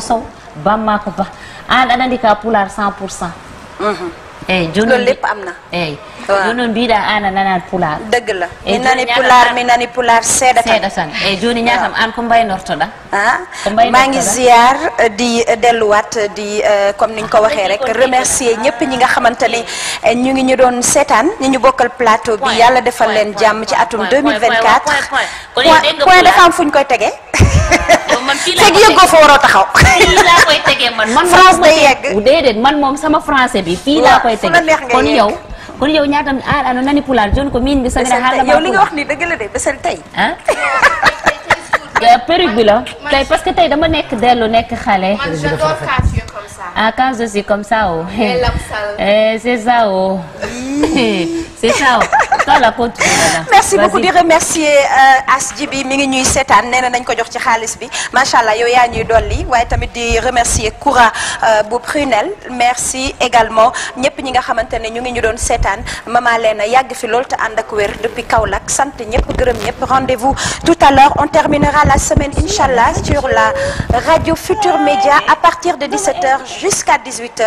sow bamma ko ba an aɗa andi ka pular 100 pour cent mhm. na waaw yonon mbiɗa an a nanani e pular dëgg la e mi nani pular mi nani pular seeɗa tan seeɗa tan eyyi joni ñatam an ko maa ngi ziar di delluwaat di comme e, niñ ko waxee rek remercier ñëpp ñi nga xamante ni ñu ngi ñu doon seetaan ñi ñu bokkal plateau bi yàlla defal leen jàmm ci atum 2024 point dafa am fu ñu koy tegee teg yëggoo fa waroo taxaw fii laa koy France day yegg man moom sama français bi fii laa koy tegee kon yow kon yow ñaatam aar ano nani pulaar joni ko min mbi samina haalama yow nga wax ni dëgg la de besel tey ah perruque bi la tey parce que tey dama nekk dellu nekk xale. man j'adore quand tu es comme ça. ah quand je suis comme ça oh. voilà continue voilà. merci vas beaucoup di remercier euh, bi mi ngi ñuy seetaan nee na nañ ko jox ci xaalis bi macha allah yow yaa ñuy dolli waaye tamit di remercier Koura euh, bu Prunel merci également ñëpp ñi nga xamante ne ñu ngi ñu doon seetaan maman Lena yàgg fi lool te ànd ak wér depuis Kaolack sant ñëpp gërëm ñëpp rendez-vous tout à l'heure on terminera la semaine incha allah sur la radio Futur Média à partir de 17h jusqu'à 18h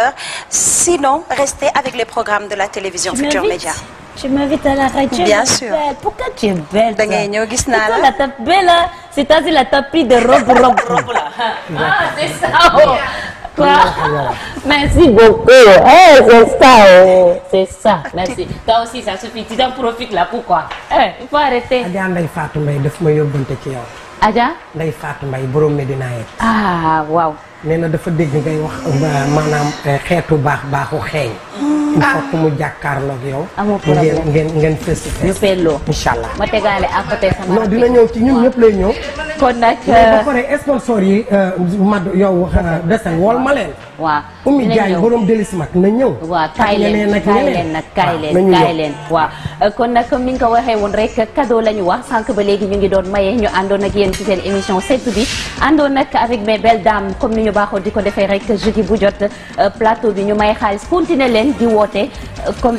sinon restez avec les programmes de la télévision Futur Média tu m'invites à la radio. bien sûr pourquoi tu es belle. da ngay gis naa la la tap bella c'est-à-dire la tapis de robe robe robe là. ah c'est ça oh. merci beaucoup eh c'est ça oh c'est ça merci. toi aussi ça suffit tu en profites pourquoi. eh il faut ci yow. Adja. ah waaw. nee na dafa dégg ngay wax maanaam eh, xeetu baax baaxu xeeñ. Ah. il mu jàkkaar mu jàkkaarloog yow. amul problème ngeen ngeen ngeen fës. ñu felloo incha allah. ma tegaale à côté sama. non dina ñëw ci ñun ñëpp lay ñëw. kon nag. ba euh, pare sponsor yi euh, mad yow euh, ma leen. waaw Oumy Diagne borom délice mag na ñëw. waaw kaay leen kaay leen nag kaay leen kaay leen kon nag comme ni nga ko waxee woon rek cadeau la ñu wax sànq ba léegi ñu ngi doon maye ñu àndoon ak yéen ci seen émission seetu bi àndoon nag avec mes belles dames comme ni ñu baaxoo di ko defee rek jeudi bu jot euh, plateau bi ñu may xaalis continuer leen di woote euh, comme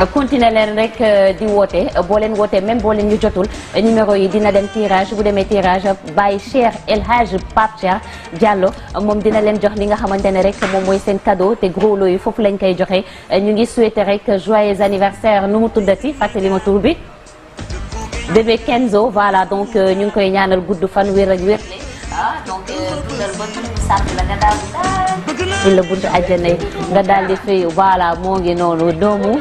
euh, continuer leen rek di woote boo leen woote même boo leen ñu jotul numéro yi dina dem tiirage bu demee tirage Baye Cheikh El Hadj Pape Cheikh Diallo moom dina leen jox li nga xamante ne rek moom mooy seen cadeau te gros yi foofu lañ koy joxe ñu ngi souhaiter rek joyeux anniversaire nu mu tuddati fàttali ma tur bi bébé Kenzo voilà donc ñu ngi koy ñaanal gudd fan ah donc dugal ba tur bi sàmm la nga daal di daal. la buntu àjjana nga daal di fay voilà moo ngi noonu doomu.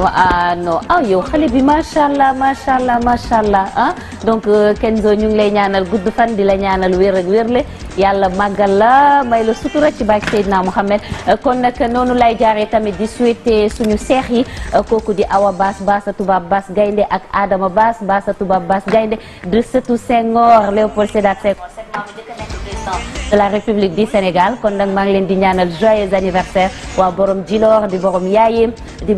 waaw ah, non ah yow xale bi macha allah macha allah macha allah ah donc euh, Kenzo ñu ngi lay ñaanal gudd fan di la ñaanal wér ak wér le yàlla màggal la may la sutura ci baak Seydina Mouhamed euh, kon nag noonu lay jaaree tamit di souhaiter suñu seex yi euh, kooku di Awa Bass Bassa Touba Bass Gaynde ak Adama Bass Bassa Touba Bass Gaynde Drissatu Senghor Léopold Sédar Senghor de la République du Sénégal kon nag maa ngi leen di ñaanal joyeux anniversaire waa borom Djilor di borom Yaayem di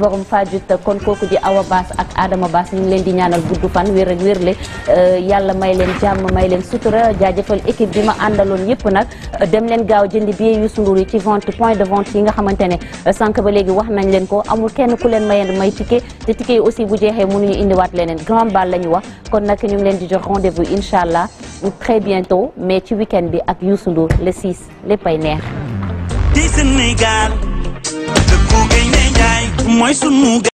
tamit kon kooku di Awa Bass ak Adama Bass ñu leen di ñaanal gudd fan wér ak wérle euh, yàlla may leen jàmm may leen sutura jaajëfal équipe bi ma àndaloon yëpp nag dem leen gaaw jëndi billet Youssou Ndour yi ci vente point de vente yi nga xamante ne sànq ba léegi wax nañ leen ko amul kenn ku leen maye may ticket te ticket yi aussi bu jeexee mu mënuñu indiwaat leneen grand bal la ñu wax kon nag ñu ngi leen di jox rendez-vous incha allah très bientôt mais ci week-end bi ak Youssou Ndour le 6 léppay neex di